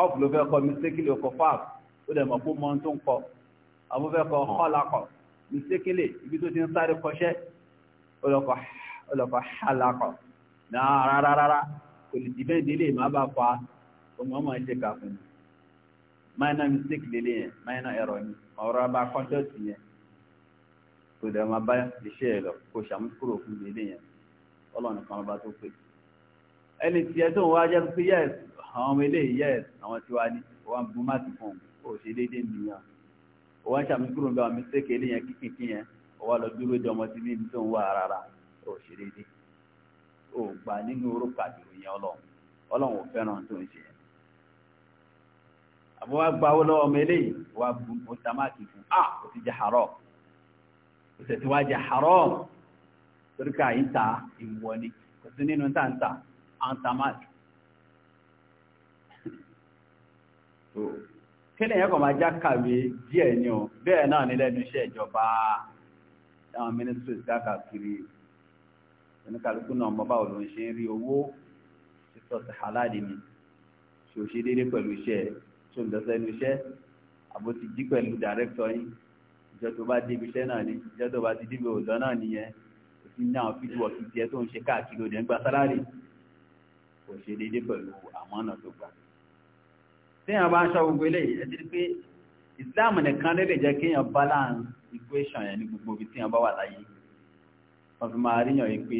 off ló fẹ́ kọ mistake ló kọ fáàf ó dẹ̀ mọ̀ pé mọ́ tó ń kọ àwọn fẹ́ kọ họ́lákọ̀ọ́ ní sékélé ibi tó ti ń sáré kọṣẹ́ ọlọ́kọ̀ halakọ̀ náà rárára kò lè dìbẹ́ ìdílé má bá fa ọmọ ọmọ ẹ̀ṣẹ̀ kà fún mi minor mistake lélẹ̀ yẹn minor error ni ọ̀rọ̀ bá conduct yẹn kò dẹ̀ máa bá iṣẹ́ ẹ̀ lọ kò ṣàmúkúrò fún lélẹ̀ yẹn ọlọ́run kan bá tó pè ẹni tí ẹ tó ń wá jẹ́ pé yẹ́s àwọn ọmọ eléyìí yẹ́s àwọn tí wá ní wọ́n bu máàkì fún òun kò ṣe déédéé nìyẹn wọ́n ṣàmìkúrò bí àwọn mistake eléyàn kíkì kí yẹn wà lọ dúró de ọmọ tí ní ibi tó ń wà rárá ó ṣe déédé ó gbà nínú orúkọ àdúró yẹn ọlọ́run ọlọ́run ò fẹ́ràn tó ń ṣe yẹn. àbọ̀ wá gba owó ọmọ eléyìí wá bu mọ́tàmáàkì fún a ah! ó ti jẹ haram ó sì ti wá jẹ haram torí ká yìí ta ìwọ kò sí nínú tá ń ta àǹtàmáàkì. kí ni ẹ̀kọ̀ máa já kàwé díẹ̀ ni o bẹ́ẹ̀ náà ní lẹ́nu iṣẹ́ ìjọba àwọn ministries káàkiri oníkàlùkù náà mọ báwo ló ń ṣe ń rí owó títọ́ sí halali ni ṣe ò ṣe déédé pẹ̀lú iṣẹ́ ṣe ò lọ́sẹ̀ nu iṣẹ́ àbò ti jí pẹ̀lú director yín ìjọ tó bá débi iṣẹ́ náà ni ìjọ tó bá ti débi òòlọ́ náà nìyẹn kò sí ní àwọn fídíwọ̀ kìí tiẹ̀ tó ń ṣe káàkiri òdì ń gba sálárì kò ṣe déédé pẹ̀lú àmọ́nà tó gbà téèyàn bá ń ṣọ́ gbogbo eléyìí ẹ ti rí pé ìsìláàmù nìkan ló lè jẹ́ kéèyàn balance equation yẹn ní gbogbo ibi téèyàn bá wà láyé wọ́n fi máa ríyàn yìí pé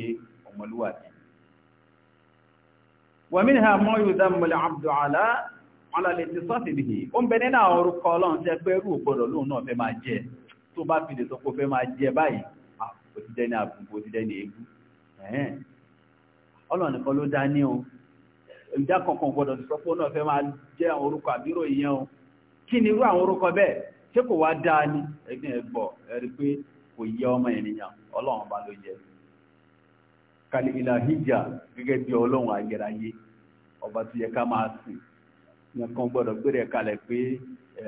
ọmọlúwàbí. wàmíì ha mọ́ yóò dá mọ́lẹ̀ abdùhàlá ọlọ́lẹ̀ ti sọ́ọ̀tì nìyí ó ń bẹ nínú àwọn orúkọ ọlọ́run tẹ́ pé rú ògbọ́dọ̀ lóun náà fẹ́ máa jẹ tó bá fi lè sọ pé ó fẹ́ máa jẹ báyìí ó ti jẹ́ ní àbùkù ó ti jẹ́ ní eégún ọlọ́run nìkan ló dá ní o ìjà kankan gbọdọ̀ sọ́pọ̀ náà fẹ́ máa jẹ́ orúkọ àbírò ìyẹn o kí ni irú àwọn orúkọ bẹ́ẹ̀ ṣé kò wá dáa ẹgbẹ́ ẹgbọ́ ẹ̀rí pé kò yẹ ọmọ ènìyàn ọlọ́run bá ló kàlí gẹ́gẹ́ bí ọlọ́run ọba tó yẹ ká máa sìn kan gbọdọ̀ gbére kalẹ̀ pé ẹ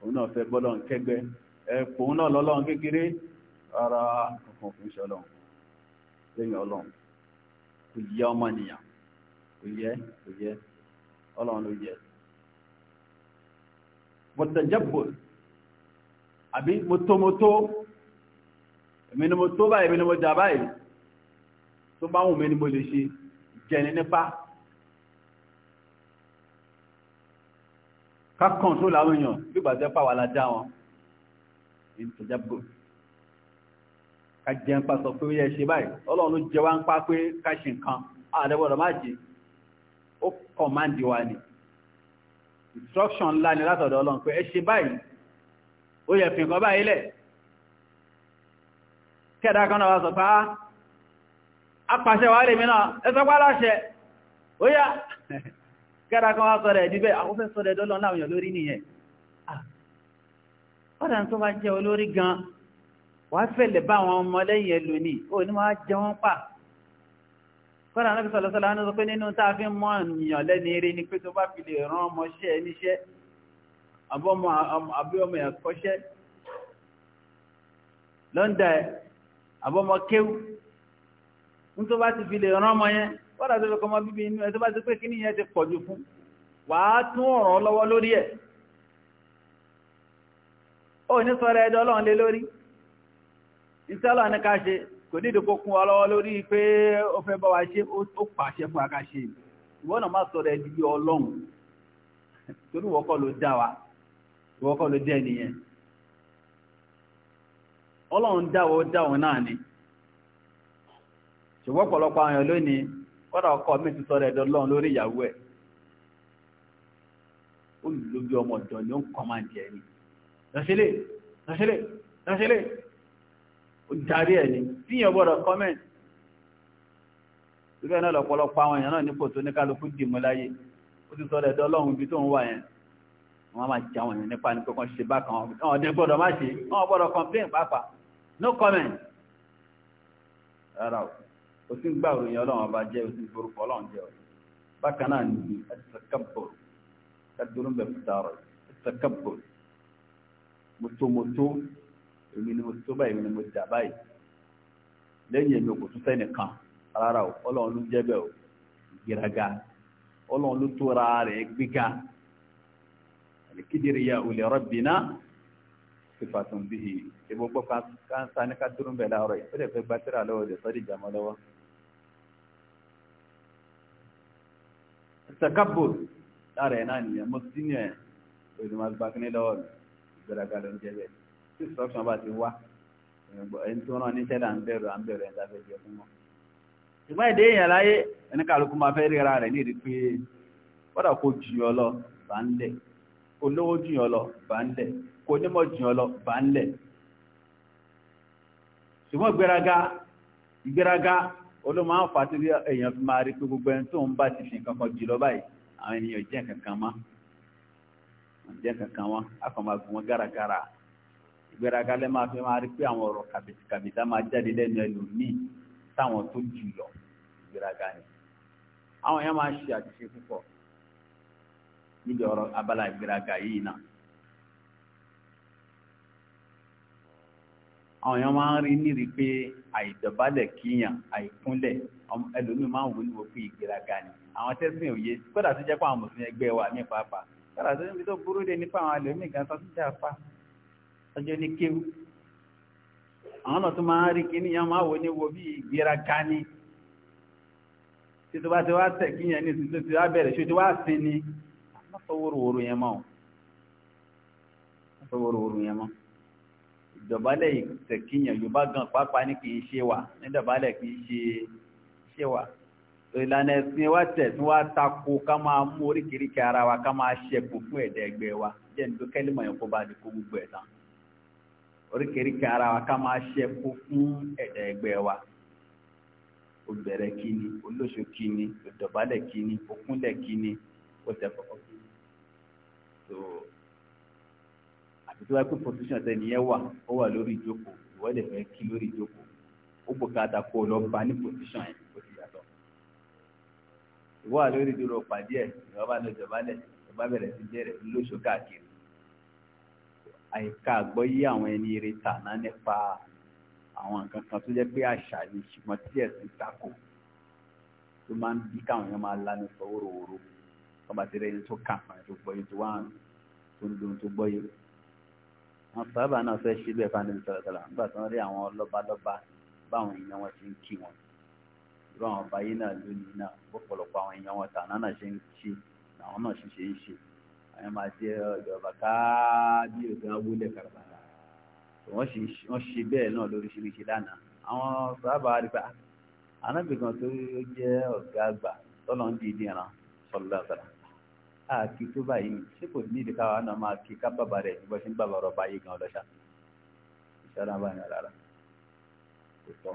òun náà fẹ́ gbọ́dọ̀ kò yẹ kò yẹ ọlọ́run ló yẹ. mọ̀tẹ̀jẹ̀bù àbí mọ́tòmọ́tò èmi ni mo tó báyìí èmi ni mo jà báyìí tó bá wù mí ni mo lè ṣe jẹni nípa. ká kọ̀ǹtó làwọn èèyàn bí gbàgbẹ́ pàwọ́ alájà wọn ní mọ̀tẹ̀jẹ̀bù ká jẹun pa sọ pé ó yẹ ṣe báyìí ọlọ́run ló jẹ wá ń pa pé ká ṣe nǹkan àdẹ́gbọ́dọ̀ má jẹ́ ó kọ̀máǹdì wa ni instruction ńlá ni látọ̀dọ̀ ọlọ́run pé ẹ ṣe báyìí ó yẹ fi nǹkan báyìí lẹ̀ kẹ́ẹ̀dá kan náà wá sọ pé á ah, pàṣẹ wà lè mìíràn ẹsọ pá láṣẹ ó yá kẹ́ẹ̀dá kan wá sọ rẹ̀ díbẹ̀ àwọn fẹ́ sọ rẹ̀ dọ́lọ́ láwọn èèyàn lórí nìyẹn ah. ọ̀dà tó bá jẹ́ olórí gan wàá fẹ́lẹ̀ bá àwọn ọmọlẹ́yìn ẹlòmíì ó ní wọ́n á jẹ wọ́n pa kọ́nà náà sọ̀lọ́ sọ́lọ́ ánú sọ pé nínú tá a fi mọ́ ènìyàn lẹ́ni eré ni pé tó bá fi lè rán ọmọṣẹ́ níṣẹ́ àbí ọmọ ẹ̀kọ́ṣẹ́ lọ́ndà ẹ̀ àbọ́mọ kéwú ní tó bá ti fi lè rán ọmọ yẹn kọ́nà tó fi kọ́ ọmọ bíbí inú ẹ̀ tó bá ti pé kíní yẹn ti pọ̀ jù fún wàá tún ọ̀ràn lọ́wọ́ lórí ẹ̀ ó ní sọ̀rọ̀ ẹ̀dọ́ ọlọ́run lé lórí ìṣẹ́ ọlọ́run ká ṣe kò ní ìdíkò kún lọ́wọ́ lórí pé ó fẹ́ bá wa ṣe ó pàṣẹ fún akáṣe ọlọ́run torí ló dá wa ló dá ẹnìyẹn ọlọ́run dá wa ó dá náà ni ṣùgbọ́n ọ̀pọ̀lọpọ̀ àwọn èèyàn lónìí kọ́dà ọkọ mi ti sọ̀rọ̀ ẹ̀dọ́ lórí ìyàwó ẹ̀ olùlóbi ọmọ ọ̀dọ́ ni ó ń kọ́ máa jàrí ẹ̀ ní tíyàn gbọ́dọ̀ comment ìbẹ́ náà lọ̀pọ̀lọpọ̀ àwọn èèyàn náà nípò tó ní kálukú dìmú láyé ó ti sọ́dọ̀ ẹ̀dọ́ ọlọ́run ibi tó ń wà yẹn wọ́n máa jẹ àwọn èèyàn nípa ní kankan ṣe bákan wọn ọ̀dẹ́ gbọ́dọ̀ má ṣe wọ́n gbọ́dọ̀ complain pàápàá no comment rárá o ó sì ń gbà òròyìn ọlọ́run ọba jẹ́ ó sì ń forúkọ ọlọ́run jẹ́ ọ bákan náà ní ẹ̀sẹ̀kẹ́bọ̀ ẹ̀dúrúmbẹ̀ fúta èmi ni mo ti tó báyìí èmi ni mo ti dà báyìí lẹ́yìn èmi kò tún sẹ́nìkan rárá o ọlọ́run ló jẹ́ bẹ́ẹ̀ o ìgbéraga ọlọ́run ló tóra rẹ̀ gbéga alikidiri ya olè rọ́bìnà sifatun bihi ibo gbọ́ kansa ní ká dúró bẹ̀ láàárọ̀ yìí fẹ́rẹ̀ fẹ́ gbàtẹ́rà lọ́wọ́ lè sọ́dí ìjàmọ́ lọ́wọ́. takabur lára ẹ̀ náà nìyẹn mo ti ní ẹ̀ lórí ma lọ́wọ́ ìgbéraga ló ń jẹ́ bẹ́ẹ̀ tí instruction bá ti wá ẹni tó rán níṣẹ́ dà ń bẹ̀rù à ń bẹ̀rù ẹ̀dá fẹ́ jẹ fún wọn. ṣùgbọ́n èdè èèyàn láyé ẹni kálukú máa fẹ́ ríra rẹ̀ ní ìdí pé kódà kó jùyàn lọ bá ń lẹ̀ kó lówó jùyàn lọ bá ń lẹ̀ kó onímọ̀ jùyàn lọ bá ń lẹ̀. ṣùgbọ́n ìgbéraga ìgbéraga olóma ń fa tíbi èèyàn fi máa rí pé gbogbo ẹni tó ń bá ti fi nǹkan kan jù lọ báyìí àwọn ènìyàn jẹ́ kankan mọ́ jẹ́ kankan wọn á kàn máa gùn wọn gáragara ìgbéraga lẹ́ máa fi máa rí pé àwọn ọ̀rọ̀ kàbìtìkàbìtà máa jáde lẹ́nu ẹlòmíì táwọn tó jù lọ ìgbéraga ni àwọn èèyàn máa ń ṣe àṣìṣe púpọ̀ níbi ọ̀rọ̀ abala ìgbéraga yìí náà àwọn èèyàn máa ń rí níri pé àìdọ̀bálẹ̀ kíyàn àìkúnlẹ̀ ẹlòmíì máa ń wò ní wọ́pẹ́ ìgbéraga ni àwọn tẹ́sán òye kódà ọjọ́ ní kéwú àwọn náà tó máa rí kí ní yàn máa wò ní wo bí ìgbéraga ní títí wá ti wá tẹ̀ kí yẹn ní títí tí wá bẹ̀rẹ̀ ṣe tí wá sí ni lọ́sọ̀wọ́rọ̀wọ́rọ̀ yẹn mọ́ lọ́sọ̀wọ́rọ̀wọ́rọ̀ yẹn mọ́ ìdọ̀bálẹ̀ ìtẹ̀kíyàn yorùbá gan pàápàá ní kìí ṣe wà nídọ̀bálẹ̀ kìí ṣe ṣe wà ìlànà ẹ̀sìn wa tẹ̀sìn wa tako ká máa mú oríkèéríkèé ara wa ká máa ṣẹ̀kù fún ẹ̀dẹ̀ wa jẹ́ nítorí kẹ́límọ̀ yẹn kó bá di kó gbogbo ẹ̀ tán oríkèéríkèé ara wa ká máa ṣẹ́kù fún ẹ̀dá ẹgbẹ́ wa olùbẹ̀rẹ̀ kíni olóṣù kíni olùdọ̀bálẹ̀ kíni òkúnlẹ̀ kíni ó kíni so àti tí wọ́n á pè position tẹ nìyẹn wà ó wà lórí ìjókòó ìwọ́lẹ̀ fẹ́ kí lórí ìjókòó ó bùkátà kó o lọ bá ní position yẹn ó ti yàtọ̀ ìwọ́ àlórí ìdúró pàdé ẹ̀ ìwọ́ bá lọ jọ̀bálẹ̀ ìjọba bẹ̀rẹ̀ sí jẹ́rẹ̀ olóṣù káàkiri àìka àgbọ́yé àwọn ẹni eré tàná nípa àwọn nǹkan kan tó jẹ́ pé àṣà ni ṣùgbọ́n tí ẹ̀sìn tako tó máa ń bí káwọn èèyàn máa lanu sọ wóróworó ọba ti rẹ̀ ẹni tó kà fún ẹni tó gbọ́yé tó wá tó ń lóhun tó gbọ́yé. àwọn sábà náà fẹ́ ṣe bẹ́ẹ̀ fáwọn ẹni tọ̀lọ̀tọ̀lọ̀ nígbà tí wọ́n rí àwọn lọ́balọ́ba báwọn èèyàn wọn ṣe ń kí wọn irú àwọn ọba yìí náà lónìí náà ẹ máa ṣe ìjọba káàbí ògán wúlẹ̀ kàràkàrà wọ́n ṣe bẹ́ẹ̀ náà lóríṣiríṣi lánàá àwọn sábà àdìpá anábìkan ah, tó jẹ́ ọ̀gá àgbà tọ́lọ́ ń dìídì ẹran sọlọ́lá sọ̀rọ̀ àkí tó báyìí ṣé kò ní ìdíkà wa náà máa kí ká bàbá rẹ̀ bí wọ́n ṣe ń bàbá ọ̀rọ̀ báyìí gan ọlọ́ṣà ìṣọ́lá bá ní rárá kò tọ́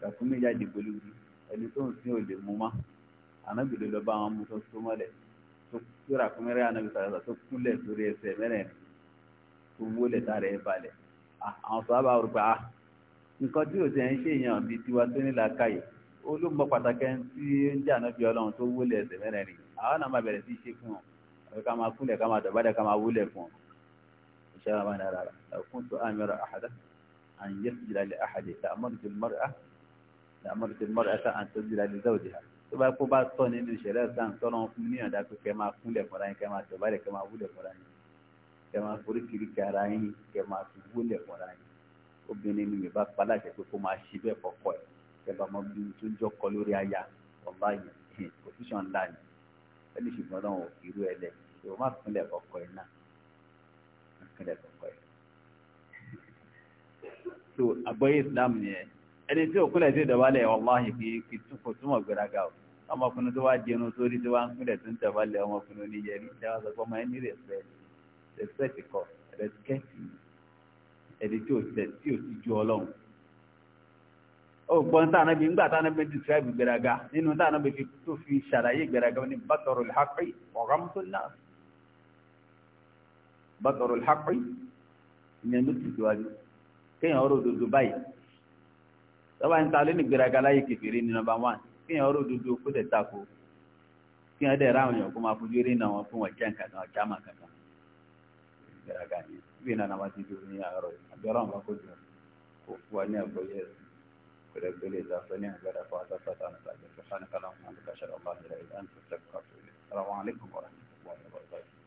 kàkúmí jáde gbólógbó ẹni tó ń sin ò lè mú mọ́ anábìlẹ̀ lọ bá wọn mú tó tó mọ́lẹ̀ tó kíra kúmẹ́rẹ́ ànábi sàrẹ́sà tó kúlẹ̀ sórí ẹsẹ̀ mẹ́rẹ̀ tó wólẹ̀ sáré balẹ̀ ah, àwọn sọ́ábà rúgbà á nǹkan tí òsè ń ṣe èèyàn bíi tiwa tó ní làákàyè olùmọ pàtàkì ẹni tí ń jẹ́ ànábi ọlọ́run tó wólẹ̀ ẹsẹ̀ mẹ́rẹ̀ rìn àwọn náà máa bẹ̀rẹ̀ sí í ṣe fún wọn àbí ká máa kúlẹ̀ ká máa dọ̀bálẹ̀ ká máa wólẹ̀ fún wọn ìṣẹ́ra máa nira rà ẹ̀kún tó àmì ọ̀rọ̀ àhàdá àyẹ̀sìlẹ̀ àhàdè tààmọ́rùtì mọ́rẹ̀ àtàǹtẹ̀sìlẹ̀ àlè záwòdì hàn tó bá kó bá tọ́ nínú ìṣẹ̀lẹ̀ sáà tọ́lọ́ fún mi níyànjú pé kẹ́ máa kúnlẹ̀ fọ́ra yín kẹ́ máa tọ̀bálẹ̀ kẹ́ máa wúlẹ̀ fọ́ra yín kẹ́ máa forí kiri kara yín kẹ́ máa fi wúlẹ̀ fọ́ra yín obìnrin mi mi bá paláṣẹ pé kó máa ṣe bẹ́ẹ̀ kọ́kọ́ ẹ̀ kẹ́ bá mọ bí tó jọkọ lórí aya ọ̀bá yẹn position ńlá ni ẹni ṣùgbọ́n náà irú ẹ lẹ̀ yóò má kúnlẹ̀ kọ́kọ́ ẹ̀ náà kúnlẹ̀ kọ́kọ́ ẹ̀ so àgbọ́yé Islam nìyẹn ẹni tí òkúlẹ̀ tí ìdọ̀bálẹ̀ wàláhì kì í kò túmọ̀ gbéraga o ọmọkùnrin tó wá di ẹnu sórí tó wá ń pínlẹ̀ tó ń dọ̀bálẹ̀ ọmọkùnrin oníyẹrí dáwọ́ sọ pé ọmọ ẹni rẹ̀sẹ̀ rẹ̀sẹ̀ ti kọ rẹ̀sẹ̀ ẹni tí ò tẹ̀ tí ò ti ju ọlọ́run. ó gbọ́n táwọn ẹbí ńgbà táwọn ẹbí describe gbéraga nínú táwọn ẹbí tó fi ṣàlàyé tọ́ba ń ta ló ní gbéraga láyé kẹfìrí ní nọ́mbà wán kí yẹn ọ̀rọ̀ dúdú kó tẹ̀ ta ko kí yẹn dẹ̀ ráwọn yẹn kó máa fojú rí náà wọn fún wọn jẹ́ nǹkan kan ọjà máa kankan gbéraga yẹn bí iná náà wá ti dúró ní àárọ̀ àbẹ̀rọ̀ wọn kó jọ kó fún wa ní àgbọ̀ yẹ kúrẹ́ gbélé ìdáfẹ́ ní àgbàdà fún adáfàtà nípa ìgbésẹ̀ fún